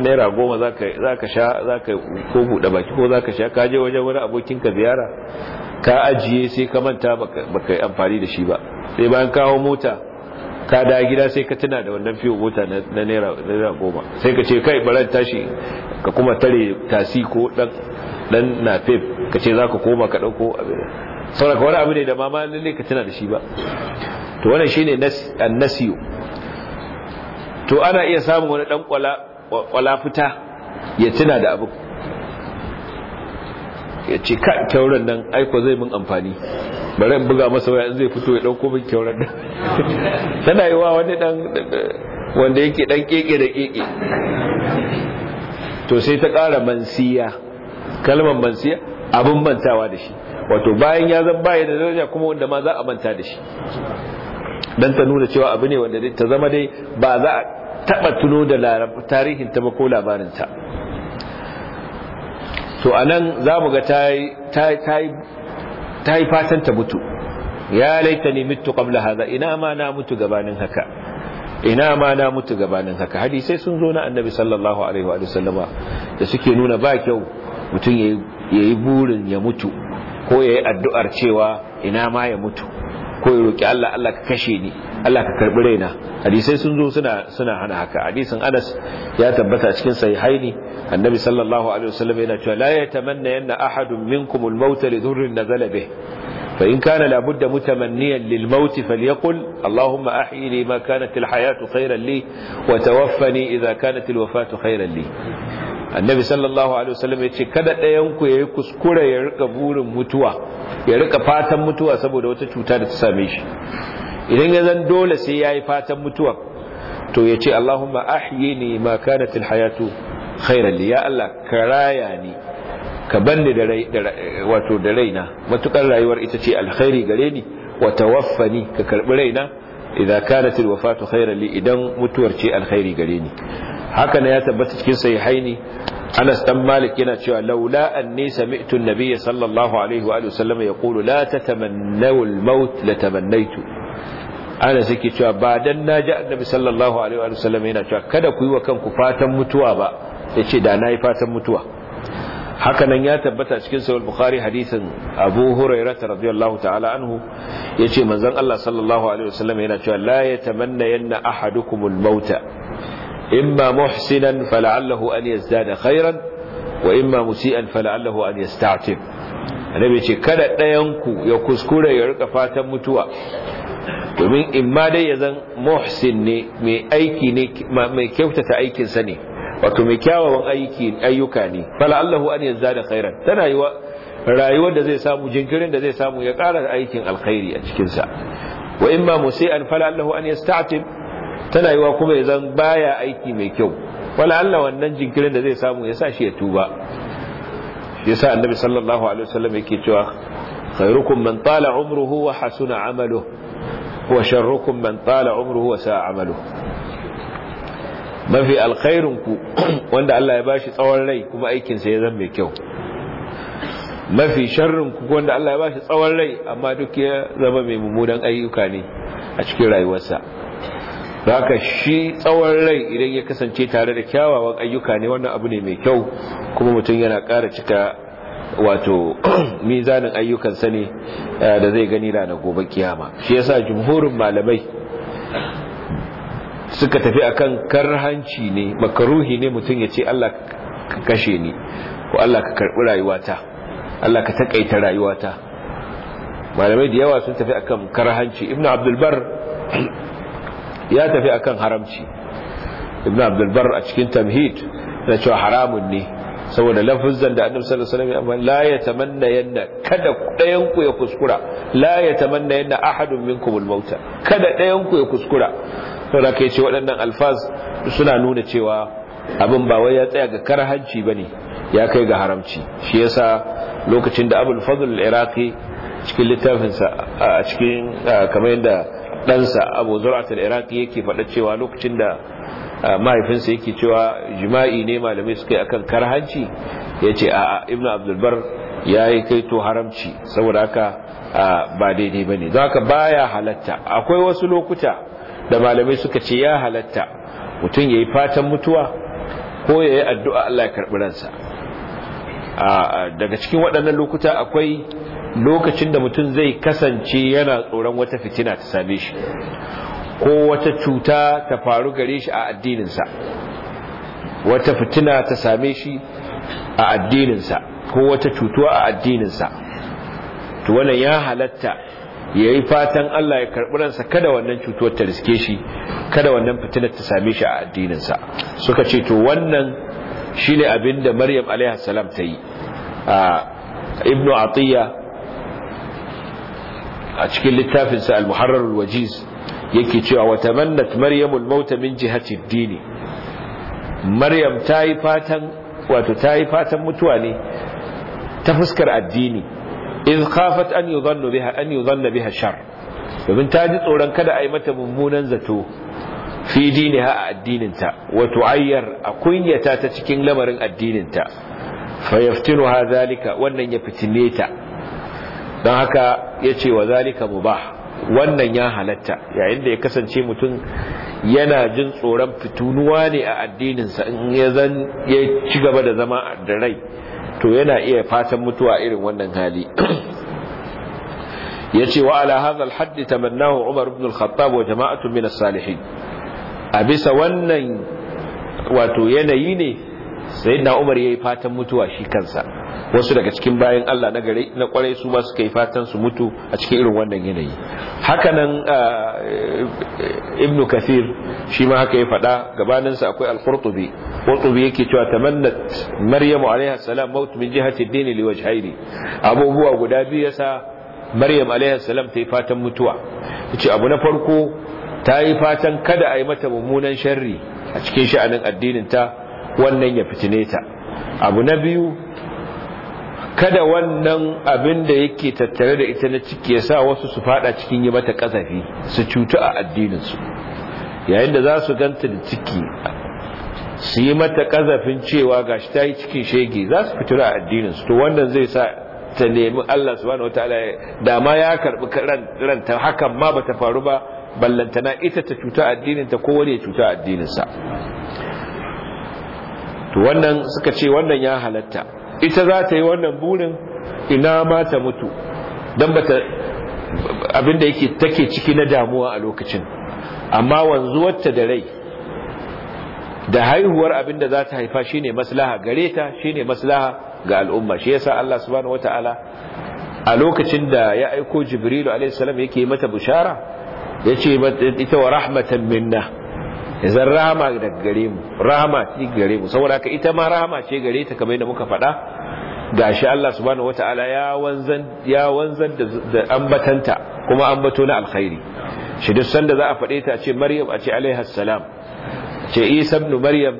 naira goma za ka sha za ka ko buɗe baki ko za ka sha ka je wajen wani abokinka ziyara ka ajiye sai ka manta ba ka yi amfani da shi ba sai bayan kawo mota ka da gida sai ka tuna da wannan fiye mota na naira goma sai ka ce kai baran tashi ka kuma tare tasi ko dan na fef ka ce za ka koma ka ɗauko abin sauraka wani abu ne da mama ne ka tuna da shi ba to wannan shine annasiyo to ana iya samun wani dan kwala fita ya tuna da abin ya ce ka kyauran nan aiko zai mun amfani bari in buga masa waya in zai fito ya dauko min kyauran nan tana yi wa wani dan wanda yake dan keke da keke to sai ta kara mansiya kalmar mansiya abin mantawa da shi wato bayan ya zan baya da daraja kuma wanda ma za a manta da shi dan ta nuna cewa abu ne wanda ta zama dai ba za a taba tuno da tarihin ta ba ko labarin ta to anan za mu ga ta yi fatan ta mutu ya laita ne mutu qabla haza ina ma na mutu gabanin haka ina ma na mutu gabanin haka hadisai sun zo na annabi sallallahu alaihi wa sallama da suke nuna ba kyau mutum ya yi burin ya mutu ko ya yi addu'ar cewa ina ma ya mutu ko ya roki Allah Allah ka kashe ni Allah ka karbi raina hadisai sun zo suna suna hana haka hadisin Anas ya tabbata cikin sahihaini annabi sallallahu alaihi wasallam yana cewa la yatamanna yanna ahadun minkum al-maut li dhurrin nazala bih fa in kana labudda mutamanniyan lil-maut falyaqul Allahumma ahyini ma kanat al-hayatu khayran li wa tawaffani idha kanat al-wafatu khayran li annabi sallallahu alaihi wasallam ya ce kada ɗayan ku yayi kuskure ya rika burin mutuwa ya rika fatan mutuwa saboda wata cuta da ta same shi idan ya zan dole sai yayi fatan mutuwa to ya ce Allahumma ahyini ma kanat alhayatu khairan li ya Allah ka ni ka banni da rai wato da raina matukar rayuwar ita ce alkhairi gare ni wa tawaffani ka karbi raina idan kanat alwafatu khairan li idan mutuwar ce alkhairi gare ni haka ne ya tabbata cikin sahihaini Anas dan Malik yana cewa laula anni sami'tu an-nabiy sallallahu alaihi wa alihi wasallam yaqulu la tatamannaw al-maut la tamannaitu Anas yake cewa ba dan naji annabi sallallahu alaihi wa alihi wasallam yana cewa kada ku yi wa kanku fatan mutuwa ba yace da nayi fatan mutuwa haka nan ya tabbata cikin sahih bukhari hadisin Abu Hurairah radhiyallahu ta'ala anhu yace manzon Allah sallallahu alaihi wa wasallam yana cewa la yatamanna yanna ahadukumul mauta imma muhsinan fala'allahu an yazdada khairan wa imma musi'an fala'allahu an yasta'tib annabi ce kada ɗayan ku ya kuskure ya rika fatan mutuwa domin imma dai ya zan muhsin ne mai aiki ne mai kyautata aikinsa ne wato mai kyawawan aiki ayyuka ne fala'allahu an yazdada khairan tana yiwa rayuwar da zai samu jinkirin da zai samu ya ƙara aikin alkhairi a cikinsa wa musi'an tana yiwa kuma ya zan baya aiki mai kyau wala Allah wannan jinkirin da zai samu ya sa shi ya tuba shi yasa annabi sallallahu alaihi wasallam yake cewa khairukum man tala umruhu wa hasuna amaluhu wa sharrukum man tala umruhu wa sa'a amaluhu mafi alkhairun ku wanda Allah ya bashi tsawon rai kuma aikin sa ya zan mai kyau mafi sharrin ku wanda Allah ya bashi tsawon rai amma duk ya zama mai mummunan ayyuka ne a cikin rayuwarsa haka shi tsawon rai idan ya kasance tare da kyawawan ayyuka ne wannan abu ne mai kyau kuma mutum yana kara cika wato mizanin ayyukansa ne eh, da zai gani rana gobe kiyama shi yasa jumhurin malamai suka tafi akan karhanci ne makaruhi ne mutum ya ce Allah ka kashe ni ko Allah ka karbi rayuwata Allah ka takaita rayuwata malamai da yawa sun tafi akan karhanci ibnu abdul bar ya tafi akan haramci ibn abdulbar a cikin tamhid na cewa haramun ne saboda lafizan da annabi sallallahu alaihi wasallam la yatamanna yanna kada dayan ku ya kuskura la yatamanna yanna ahadun minkum al-mauta kada dayan ku ya kuskura da kai ce waɗannan alfaz suna nuna cewa abin ba wai ya tsaya ga karhanci bane ya kai ga haramci shi yasa lokacin da abul fadl al-iraqi cikin littafinsa a cikin kamar yadda ɗansa abu zur'at iraki yake faɗa cewa lokacin da ah, mahaifinsa yake cewa jima'i ne malamai suka yi akan karhanci ya ce a ibn abdulbar ya yi kaito haramci saboda haka ah, ba daidai ba ne za ka baya halatta akwai wasu lokuta da malamai suka ce ya halatta mutum ya yi fatan mutuwa ko ya yi addu'a Allah ya karɓi ransa ah, daga cikin waɗannan lokuta akwai lokacin da mutum zai kasance yana tsoron wata fitina ta same shi ko wata cuta ta faru gare shi a addininsa wata fitina ta same shi a addininsa ko wata cutuwa a addininsa to wannan ya halatta ya yi fatan Allah ya karɓi ransa kada wannan cutuwar ta riske shi kada wannan fitinar ta same shi a addininsa suka ce to wannan shine abin da Maryam alaihi salam ta yi ah, ibnu atiya a cikin littafinsa al-muharrar al-wajiz yake cewa wa tamannat maryamu al min jihati ad-dini maryam tayi fatan wato tayi fatan mutuwa ne ta fuskar addini in khafat an yudhanna biha an yudhanna biha shar domin ta ji tsoron kada a yi mata mummunan zato fi diniha a addininta Wato ayyar a kunyata ta cikin lamarin addininta fa ha zalika wannan ya fitine ta don haka ya ce wa zalika mubah wannan ya halatta yayin da ya kasance mutum yana jin tsoron fitunuwa ne a addininsa in ya zan ya ci gaba da zama da rai to yana iya fatan mutuwa irin wannan hali ya ce wa ala hadha alhadd tamannahu umar ibn al-khattab wa jama'atun min as-salihin a bisa wannan wato yanayi ne sayyidina umar yayi fatan mutuwa shi kansa wasu daga cikin bayan Allah na gare na kwarai su ma suka yi fatan su mutu a cikin irin wannan yanayi hakanan ah, eh, ibnu kathir shi ma haka ya faɗa gabanin sa akwai al-qurtubi qurtubi yake cewa tamannat maryamu alaiha salam maut min jihati ad-din li wajhaini abubuwa guda biyu yasa maryam alaiha salam ta yi fatan mutuwa yace abu na farko ta yi fatan kada a yi mata mummunan sharri a cikin sha'anin addinin ta wannan ya fitine ta abu na biyu kada wannan abin da yake tattare da ita na ciki ya sa wasu su fada cikin yi mata kasafi su cutu a addininsu yayin da za su ganta da ciki su yi mata kasafin cewa gashi ta yi cikin shege za su fitura a addininsu to wannan zai sa ta nemi Allah subhanahu da ma ya karbi ranta hakan ma bata faru ba ballantana ita ta cuta addinin ta ko wani ya cuta addinin sa to wannan suka ce wannan ya halatta ita za ta yi wannan burin ina ma ta mutu don abin abinda yake take ciki na damuwa a lokacin amma wanzuwarta da rai da haihuwar abinda za ta haifa shi ne maslaha gare ta ne maslaha ga al'umma shi yasa Allah subhanahu wataala a lokacin da ya aiko Jibrilu alaihi salam yake mata bushara ce ita wa rahmatan minna zan rama da gare mu rama ci gare mu saboda ka ita ma rama ce gare ta kamar yadda muka faɗa gashi Allah subhanahu wataala ya wanzan ya wanzan da ambatanta kuma ambato na alkhairi shi duk sanda za a faɗe ta ce Maryam a ce alaiha salam ce Isa ibn Maryam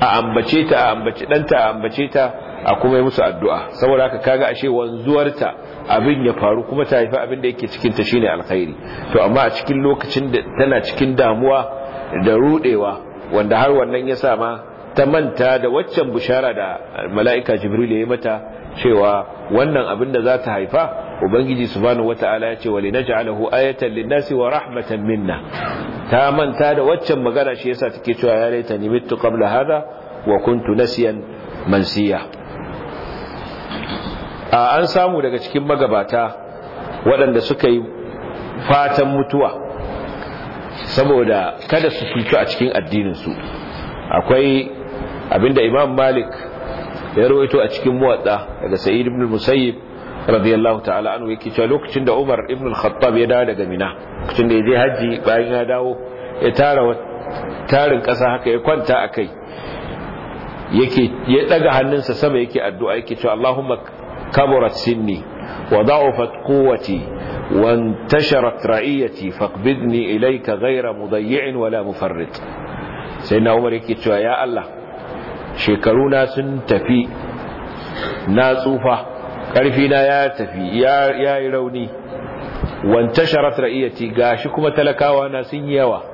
a ambace ta a ambace danta a ambace ta a kuma yi musu addu'a saboda haka kaga ashe wanzuwarta abin ya faru kuma ta haifi abin da yake cikin ta shine alkhairi to amma a cikin lokacin da tana cikin damuwa da rudewa wanda har wannan ya sa ta manta da waccan bushara da mala'ika jibril ya mata cewa wannan abin da za ta haifa ubangiji subhanahu wata'ala ya ce wa linaj'alahu ayatan lin-nasi wa rahmatan minna ta manta da waccan magana shi yasa take cewa ya laita ni mitu qabla hada wa kuntu nasiyan mansiya an samu daga cikin magabata waɗanda suka yi fatan mutuwa saboda kada su cutu a cikin addininsu akwai abinda imam malik ya rawaito a cikin muwatsa daga sa'id ibn musayyib radiyallahu ta'ala anhu yake cewa lokacin da umar ibn al-khattab ya dawo daga mina lokacin da ya je haji bayan ya dawo ya tara tarin kasa haka ya kwanta akai yake ya daga hannunsa sama yake addu'a yake cewa Allahumma kaburat sinni wa da'afat quwwati وانتشرت رعيتي فاقبضني إليك غير مضيع ولا مفرط سيدنا عمر يكتشوا يا الله شكرونا سنتفي ناسوفة كارفينا يا تفي يا, يا روني وانتشرت رعيتي قاشكما تلكاوانا سنيوا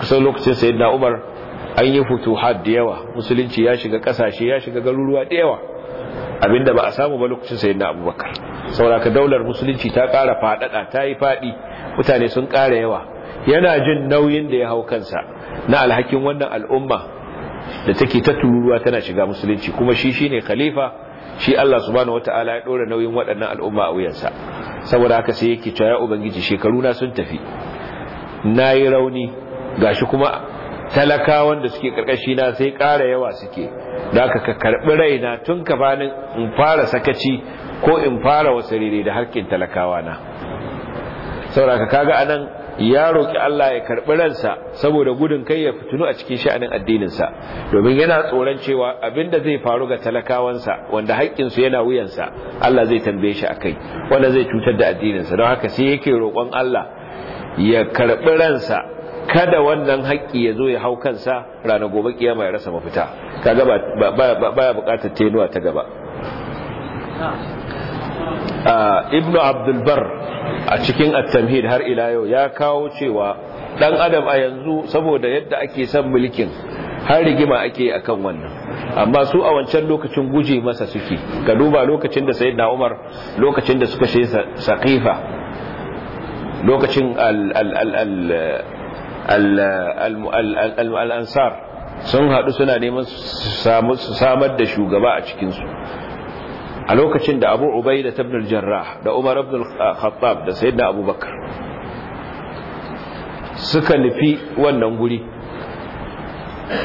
kusan lokacin sayyidina Umar an yi futuhat da yawa musulunci ya shiga kasashe ya shiga garuruwa da yawa abinda ba a samu ba lokacin sayyidina abubakar sauraka daular musulunci ta kara fadada ta yi faɗi mutane sun ƙara yawa yana jin nauyin da ya hau kansa na alhakin wannan al'umma da take ta tururuwa tana shiga musulunci kuma shi shine khalifa shi Allah subhanahu wataala ya dora nauyin waɗannan al'umma a wuyansa saboda haka sai yake cewa ya ubangiji shekaru na sun tafi nayi rauni gashi kuma talakawan da suke karkashi na sai ƙara yawa suke da aka ka karɓi raina tun ka bani in fara sakaci ko in fara wasu wasarere da harkin talakawa na sauraka kaga anan ya roƙi Allah ya karɓi ransa saboda gudun kai ya fitinu a cikin sha'anin addininsa domin yana tsoron cewa abinda zai faru ga talakawansa wanda haƙƙinsu yana wuyansa Allah zai tambaye shi a kai wanda zai cutar da addininsa don haka sai yake roƙon Allah ya karɓi ransa kada wannan haƙƙi ya zo ya hau kansa rana gobe kiyama ya rasa mafita kaga ba baya buƙatar tenuwa ta gaba ibn abdulbar a cikin at-tamhid har ila yau ya kawo cewa dan adam a yanzu saboda yadda ake san mulkin har rigima ake a kan wannan amma su a wancan lokacin guje masa suke ga duba lokacin da sayyidina Umar lokacin da suka shi saqifa lokacin al al al'ansar sun haɗu suna neman su samar da shugaba a cikinsu a lokacin da abu ubai da tabnul jarrah da umar abdul khattab da sayyidina abubakar suka nufi wannan guri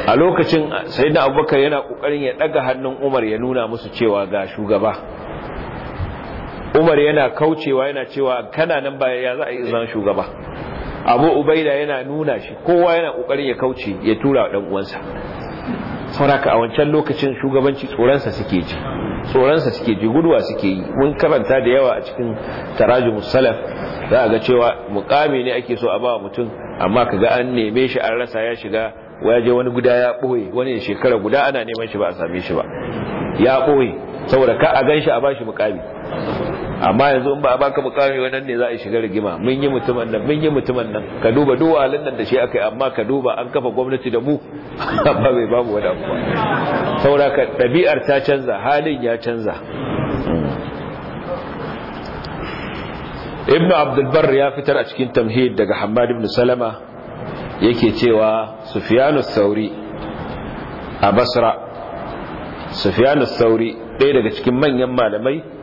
a lokacin sayyidina abubakar yana kokarin ya ɗaga hannun umar ya nuna musu cewa ga shugaba umar yana kaucewa yana cewa kananan nan ba ya za a yi zan shugaba abu ubaida yana nuna shi kowa yana kokarin ya kauce ya tura dan uwansa sauraka a wancan lokacin shugabanci tsoronsa suke ji tsoronsa suke ji guduwa suke yi mun karanta da yawa a cikin taraji salaf za a ga cewa mukami ne ake so a ba mutum amma kaga an neme shi an rasa ya shiga waje wani guda ya boye wani shekara guda ana neman shi ba a same shi ba ya boye saboda ka a gan shi a ba shi mukami amma yanzu in ba a baka mukami wannan ne za a shiga rigima mun yi mutumin nan mun yi mutumin nan ka duba duk nan da shi akai amma ka duba an kafa gwamnati da mu amma bai babu wani abu saboda ka dabi'ar ta canza halin ya canza ibn abdul barr ya fitar a cikin tamhid daga hammad ibn salama yake cewa sufyan sauri a basra sufyan sauri ɗaya daga cikin manyan malamai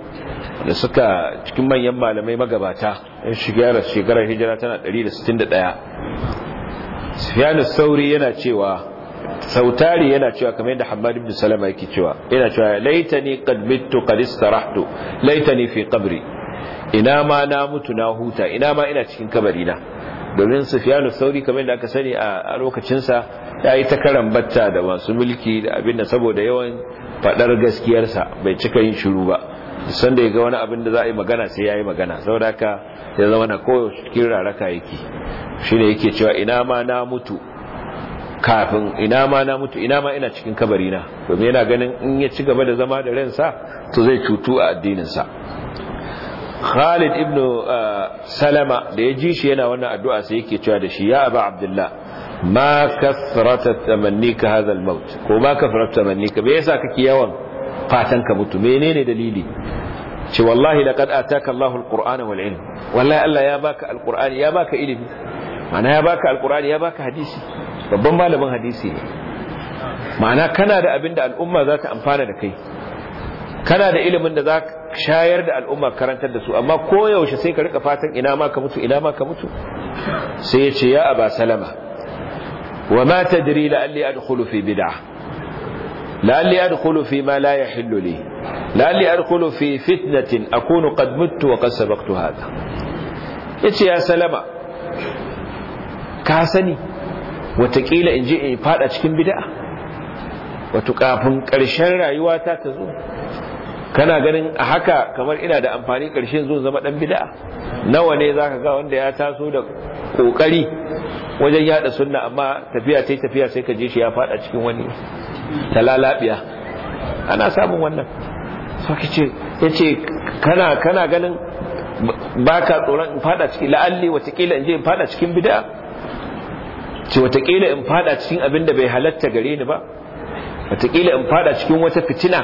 da suka cikin manyan malamai magabata in shigarar shekarar hijira tana 161 sufyan sauri yana cewa sautari yana cewa kamar yadda hamad ibn salama yake cewa yana cewa laitani qad mittu qad istarahtu laitani fi qabri ina ma na mutu na huta ina ma ina cikin kabari na domin sufyanu sauri kamar da aka sani a lokacin sa yayi ta karambata da wasu mulki da abin saboda yawan fadar gaskiyar sa bai cika yin shiru ba san da ya ga wani abin da za a yi magana sai ya yi magana da ka ya zama na koyo cikin raraka yake shi ne yake cewa ina ma na mutu kafin ina ma na mutu ina ma ina cikin kabari na domin yana ganin in ya ci gaba da zama da ransa to zai cutu a addininsa Khalid ibn uh, Salama da ya ji shi yana wannan addu'a sai yake cewa da shi ya Aba Abdullah ma kasrata tamannika hadha al-maut ko ma kasrata tamannika me yasa kake yawan fatan ka mutu menene dalili ce wallahi laqad ataka Allahu alqur'ana wal ilm wallahi Allah ya baka alqur'ani ya baka ilimi ma'ana ya baka alqur'ani ya baka hadisi babban malamin hadisi ne ma'ana kana da abin da al'umma za ta amfana da kai kana da ilimin da za ka shayar da al'umma karantar da su amma ko yaushe sai ka rika fatan ina ma ka mutu ina ma ka mutu sai ya ce ya aba salama wa ma tadri la alli adkhulu fi bid'ah لعلي أدخل فيما لا يحل لي لعلي أدخل في فتنة أكون قد مت وقد سبقت هذا يتي يا سلامة كاسني وتكيل إن جئ فاد أشكين بدأ وتكافن كرشان رأيواتا تزو kana ganin a haka kamar ina da amfani ƙarshe zo zama ɗan bida nawa ne za ka ga wanda ya taso da ƙoƙari wajen yada sunna amma tafiya ta tafiya sai ka je shi ya fada cikin wani ta lalabiya ana samun wannan so kace yace kana kana ganin baka tsoron in fada cikin la'alli watakila in je in fada cikin bid'a ce watakila in fada cikin abin da bai halatta gare ni ba watakila in fada cikin wata fitina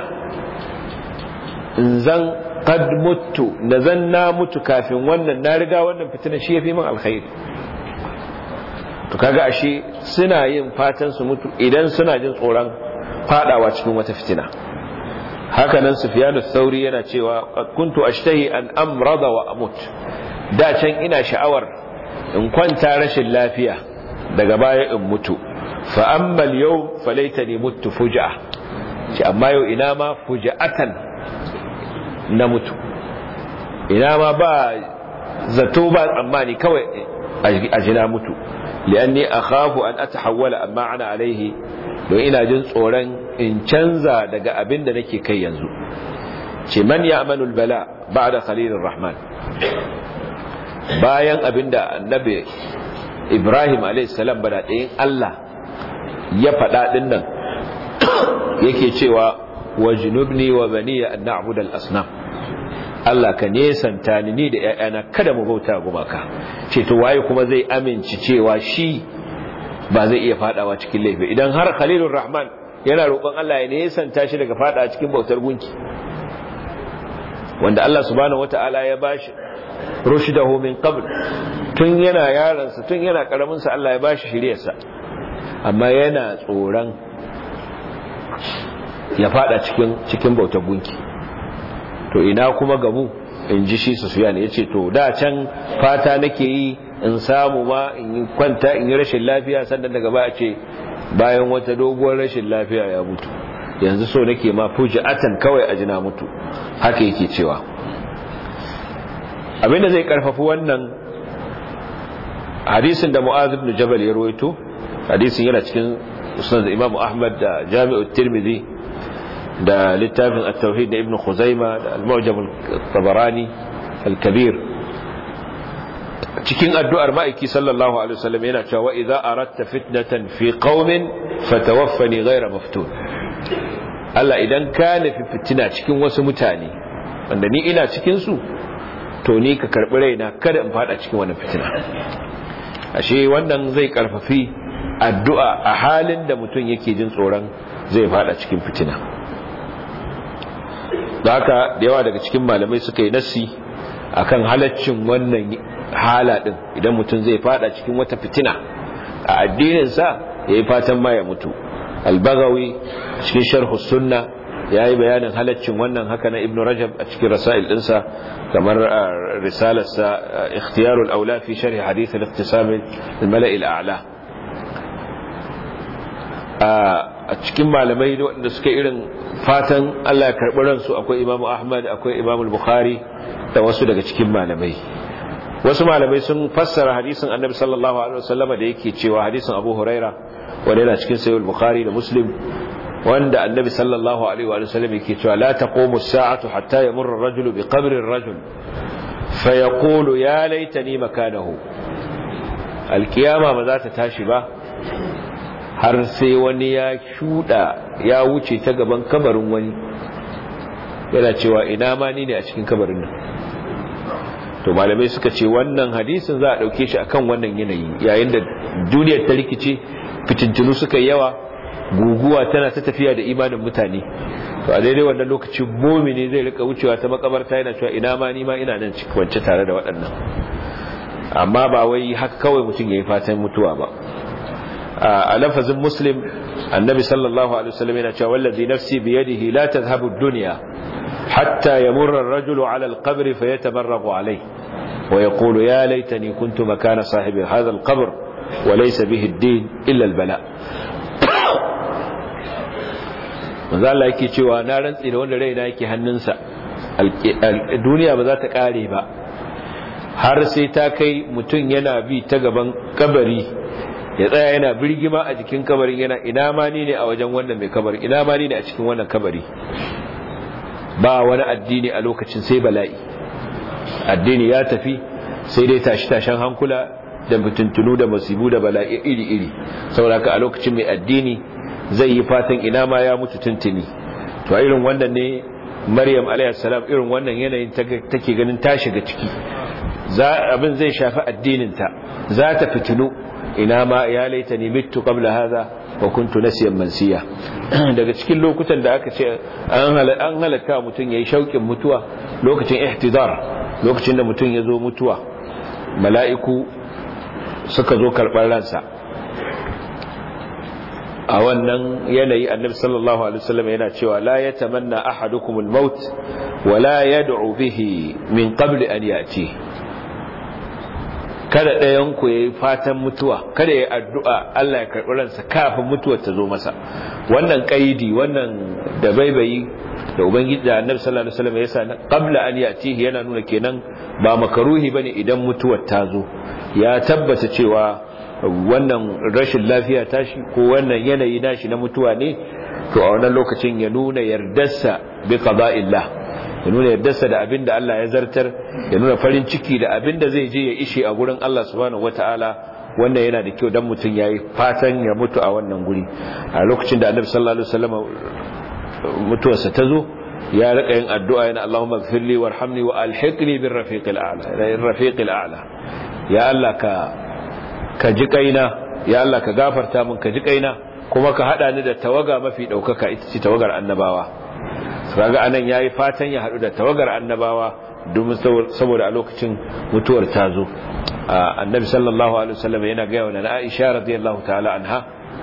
in zan kad mutu da zan na mutu kafin wannan na riga wannan fitina shi yafi min alkhairi to kaga ashe suna yin fatan su mutu idan suna jin tsoron fadawa cikin wata fitina hakanan sufyanu thauri yana cewa kuntu ashtahi an amrada wa amut da can ina sha'awar in kwanta rashin lafiya daga baya in mutu fa amma yau falaitani mutu fuja'a ce amma yau ina ma fuja'atan na mutu ina ma ba zato ba tsammani kawai a jina mutu li'anni akhafu an atahawwala amma ana alaihi don ina jin tsoron in canza daga abin da nake kai yanzu ce man ya amanul bala ba da khalilin rahman bayan abin da annabi ibrahim a.s. bada ɗayin allah ya faɗa ɗin nan yake cewa wa junubni wa bani an na'budu al-asnam Allah ka nesanta ni da 'ya'yana kada mu bauta gumaka ce to waye kuma zai amince cewa shi ba zai iya fadawa cikin laifi idan har khalilur rahman yana roƙon Allah ya nesanta shi daga fada cikin bautar gunki wanda Allah subhanahu wataala ya bashi rushdahu min qabl tun yana yaron sa tun yana karamin sa Allah ya bashi shiriyar sa amma yana tsoron ya fada cikin cikin bautar gunki to ina kuma gabu in ji shi su suya ne yace to da can fata nake yi in samu ma in kwanta in yi rashin lafiya sannan daga ba a ce bayan wata doguwar rashin lafiya ya mutu yanzu so nake ma atan kawai a jina mutu haka yake cewa abinda zai karfafi wannan hadisin da mu'az ibn jabal ya rawaito hadisin yana cikin usnad imam ahmad da jami'u tirmidhi da littafin at-tauhid da ibn khuzaima da al-mu'jam al-tabarani al-kabir cikin addu'ar ma'aiki sallallahu alaihi wasallam yana cewa idza aratta fitnatan fi qaumin fatawaffani ghayra maftun Allah idan ka nufi fitina cikin wasu mutane wanda ni ina cikin su to ni ka karbi raina kada in fada cikin wannan fitina ashe wannan zai karfafi addu'a a halin da mutum yake jin tsoron zai fada cikin fitina da haka da yawa daga cikin malamai suka yi nassi akan halaccin wannan hala din idan mutum zai fada cikin wata fitina a addininsa ya yi fatan ma ya mutu albagawi cikin sharhu sunna ya yi bayanin halaccin wannan haka na ibn rajab a cikin rasail dinsa. kamar risalarsa ikhtiyarul aula fi sharhi hadith al-iqtisam al mala'il ala a cikin malamai waɗanda suka irin fatan Allah ya karɓi ransu akwai Imam Ahmad akwai Imam Bukhari da wasu daga cikin malamai wasu malamai sun fassara hadisin annabi sallallahu alaihi wasallama da yake cewa hadisin abu huraira wanda yana cikin sahih bukhari da muslim wanda annabi sallallahu alaihi wasallam yake cewa la taqumu as-sa'atu hatta yamurra ar-rajulu bi qabri ar-rajul fayaqulu ya laitani makanahu al-qiyama ba za ta tashi ba har sai wani ya shuda ya wuce ta gaban kabarin wani yana cewa ina ma ni ne a cikin kabarin nan to malamai suka ce wannan hadisin za a ɗauke shi akan wannan yanayi yayin da duniyar ta rikice fitintunu suka yawa guguwa tana ta tafiya da imanin mutane to a daidai wannan lokaci ne zai rika wucewa ta makabarta yana cewa ina ma ni ma ina nan cikin wance tare da waɗannan amma ba wai haka kawai mutum ya yi fatan mutuwa ba a lafazin muslim annabi sallallahu alaihi wasallam yana cewa wallazi nafsi biyadihi la tadhhabu ad-dunya hatta ya ar-rajulu ala al-qabr fayatabarragu alayhi wa yaqulu ya laitani kuntu makana sahibi hadha al-qabr wa laysa bihi ad-din illa al-bala manzo Allah yake cewa na rantsi da wanda raina yake hannunsa duniya ba za ta kare ba har sai ta kai mutum yana bi ta gaban kabari ya tsaya yana birgima a jikin kabarin yana ina ma ni ne a wajen wannan mai kabari ina ma ni ne a cikin wannan kabari ba wani addini a lokacin sai bala'i addini ya tafi sai dai tashi tashen hankula da mutuntunu da masibu da bala'i iri iri saboda a lokacin mai addini zai yi fatan ina ma ya mutu tuntuni to a irin wannan ne maryam alayhi irin wannan yanayin take ganin ta shiga ciki Za abin zai shafi addinin ta za ta fitinu ina ma ya laita ni mittu kabla haza wa kuntu nasiyan mansiya daga cikin lokutan da aka ce an halatta mutum yayi shaukin mutuwa lokacin ihtizar lokacin da mutum ya zo mutuwa mala'iku suka zo karɓar ransa a wannan yanayi annabi sallallahu alaihi wasallam yana cewa la yatamanna ahadukum al-maut wa la yad'u bihi min qabli an yati kada ɗayan ku yi fatan mutuwa kada yayi addu'a Allah ya karɓi ransa kafin mutuwa ta zo masa wannan kaidi wannan da baibayi da ubangiji da Annabi sallallahu alaihi wasallam ya sa qabla an yatihi yana nuna kenan ba makaruhi bane idan mutuwar ta zo ya tabbata cewa wannan rashin lafiya tashi ko wannan yanayi nashi na mutuwa ne to a wannan lokacin ya nuna yardarsa bi qada'illah ya nuna yardarsa da abin da Allah ya zartar ya nuna farin ciki da abin da zai je ya ishe a gurin Allah subhanahu wataala wannan yana da kyau dan mutum yayi fatan ya mutu a wannan guri a lokacin da Annabi sallallahu alaihi wasallam mutuwarsa ta zo ya rika yin addu'a yana Allahumma ighfirli warhamni wa alhiqni bir rafiqil a'la eh, rafiqil a'la ya Allah ka ka ji kaina ya Allah ka gafarta min ka ji kaina kuma ka hada ni da tawaga mafi daukaka ita ce tawagar annabawa kaga anan yayi fatan ya hadu da tawagar annabawa domin saboda a lokacin mutuwar ta zo annabi sallallahu alaihi wasallam yana ga wa Aisha radiyallahu ta'ala anha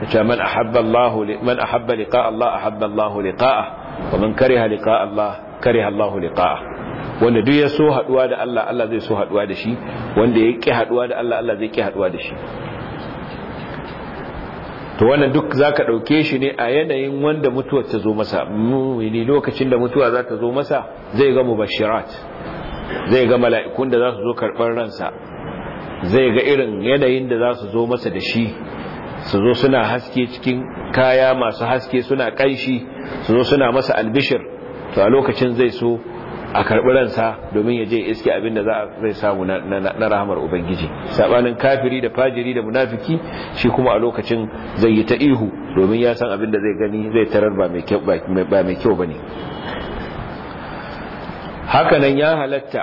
ta man ahabba Allah man ahabba liqa Allah ahabba Allah liqa'ah wa man kariha liqa Allah kariha Allah liqa'ah wanda duk ya so haduwa da Allah Allah zai so haduwa da shi wanda ya ki haduwa da Allah Allah zai ki haduwa da shi to wannan duk zaka ɗauke shi ne a yanayin wanda mutuwar ta zo masa mu'mini lokacin da mutuwa za ta zo masa zai ga mubashirat zai ga mala'ikun da za su zo karɓar ransa zai ga irin yanayin da za su zo masa da shi su zo suna haske cikin kaya masu haske suna ƙanshi su zo suna masa albishir to a lokacin zai so a karɓi ransa domin ya je iske abin da za zai samu na rahamar ubangiji sabanin kafiri da fajiri da munafiki shi kuma a lokacin zai yi ta ihu domin ya san abin da zai gani zai tarar ba mai kyau ba ne hakanan ya halatta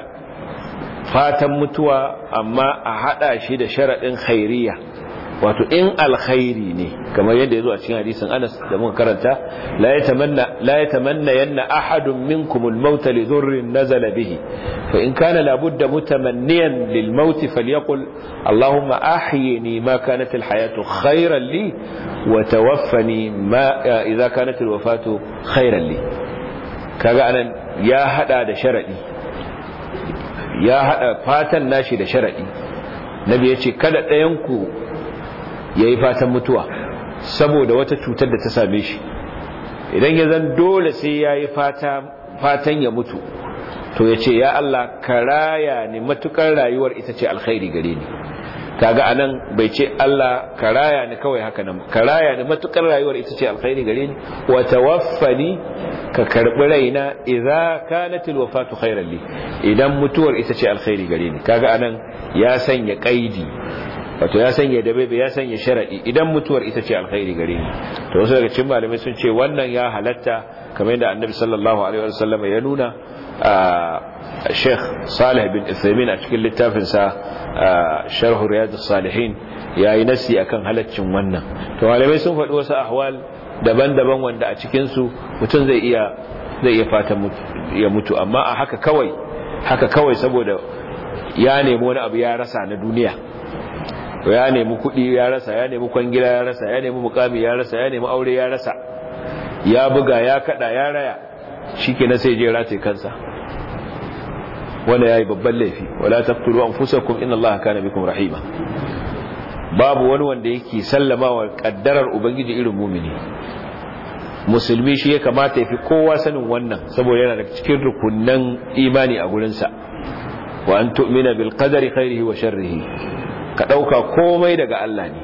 fatan mutuwa amma a haɗa shi da sharaɗin khairiyya wato in alkhairi ne kamar yadda ya zo a cikin hadisin anas da muka karanta la ya tamanna yanna ahadun minkum almauta li dhurrin nazala bihi fa in kana labudda mutamanniyan lil maut falyaqul allahumma ahyini ma kanat alhayatu khayran li wa tawaffani ma idha kanat alwafatu khayran li kaga anan ya hada da sharadi ya hada fatan nashi da sharadi nabi yace kada dayan ku ya yi fatan mutuwa saboda wata cutar da ta same shi idan ya zan dole sai ya yi fatan ya mutu to ya ce ya Allah ka raya ne matukar rayuwar ita ce alkhairi gare ni kaga anan bai ce Allah ka raya ni kawai haka nan ka raya ni matukar rayuwar ita ce alkhairi gare ni wa tawaffani ka karbi raina idza kanat alwafatu khairan li idan mutuwar ita ce alkhairi gare ni kaga anan ya sanya kaidi wato ya sanya da bai ya sanya sharadi idan mutuwar ita ce alkhairi gare ni to wasu daga cikin malamai sun ce wannan ya halatta kamar yadda annabi sallallahu alaihi wasallam ya nuna Sheikh Salih bin Uthaymeen a cikin littafin sa Sharh Riyadus Salihin yayi nasi akan halaccin wannan to malamai sun faɗi wasu ahwal daban-daban wanda a cikin su mutum zai iya zai iya fata ya mutu amma a haka kawai haka kawai saboda ya nemi wani abu ya rasa na duniya ya nemi kuɗi ya rasa ya nemi kwangila ya rasa ya nemi mukami ya rasa ya nemi aure ya rasa ya buga ya kada ya raya na sai je rataye kansa wanda yi babban laifi wala taqtulu anfusakum inna allaha kana bikum rahima babu wani wanda yake sallamawa kaddarar ubangiji irin mumini musulmi shi ya kamata ya fi kowa sanin wannan saboda yana da cikin rukunin imani a gurinsa wa an tu'mina bil qadari khairihi wa sharrihi ka ɗauka komai daga Allah ne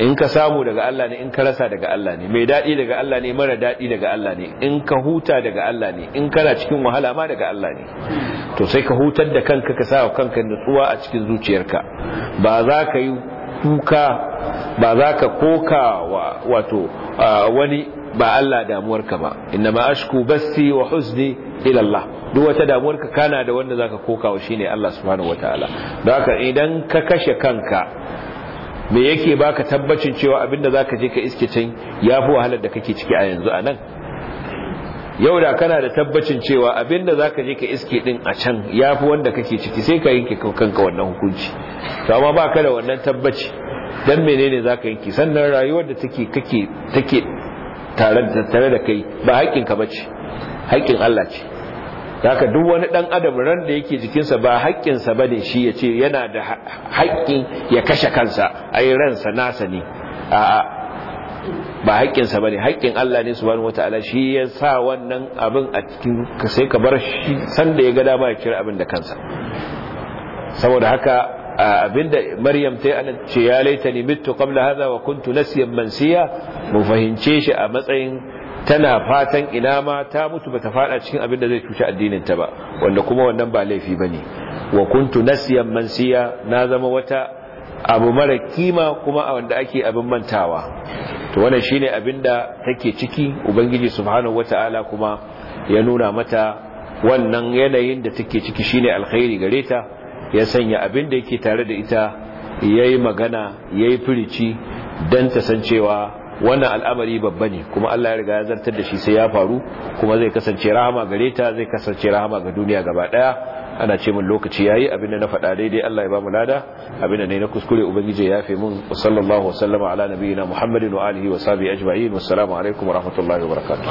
in ka samu daga Allah ne in ka rasa daga Allah ne mai daɗi daga Allah ne mara daɗi daga Allah ne in ka huta daga Allah ne in kana cikin wahala ma daga Allah ne to sai ka hutar da kanka ka sa wa kanka nutsuwa a cikin zuciyarka ba za ka yi kuka ba za ka koka wa wato wani ba Allah damuwarka ba inna ma ashku basti wa huzni ila Allah duk wata damuwar ka kana da wanda zaka wa shine Allah subhanahu wataala don haka idan ka kashe kanka me yake baka tabbacin cewa abinda zaka je ka iske can yafi wahalar da kake ciki a yanzu anan yau da kana da tabbacin cewa abinda zaka je ka iske din a can yafi wanda kake ciki sai ka yanke kanka wannan hukunci to amma baka da wannan tabbaci dan menene zaka yanke sannan rayuwar da take kake take tare da kai ba haƙƙinka ba ce haƙƙin Allah ce haka duk wani ɗan adam ran da yake jikinsa ba haƙƙinsa sa bane shi ya ce yana da haƙƙin ya kashe kansa ai ransa nasa ne a'a ba haƙƙinsa sa bane haƙƙin Allah ne subhanahu wata'ala shi ya sa wannan abin a cikin ka sai ka bar shi sanda ya ga dama ya kira abin da kansa saboda haka abinda maryam ta yi ce ya laitani mittu qabla hadha wa kuntu nasiyan mansiya mu fahimce shi a matsayin tana fatan ina ma ta mutu bata fada cikin abinda zai cuci addinin ta ba wanda kuma wannan ba laifi bane wa kuntu nasiyan mansiya na zama wata abu mara kima kuma a wanda ake abin mantawa to wannan shine abinda take ciki ubangiji subhanahu wataala kuma ya nuna mata wannan yanayin da take ciki shine alkhairi gare ta ya sanya abin da yake tare da ita ya yi magana ya yi firici dan ta san cewa wannan al'amari babba ne kuma Allah ya riga ya zartar da shi sai ya faru kuma zai kasance rahama gare ta zai kasance rahama ga duniya gaba daya ana ce min lokaci yayi abinda na faɗa daidai Allah ya ba mu lada abinda ne na kuskure ubangiji ya yafe mun sallallahu sallama ala nabiyina muhammadin wa alihi wa sahbihi ajma'in wassalamu alaikum wa rahmatullahi wa barakatuh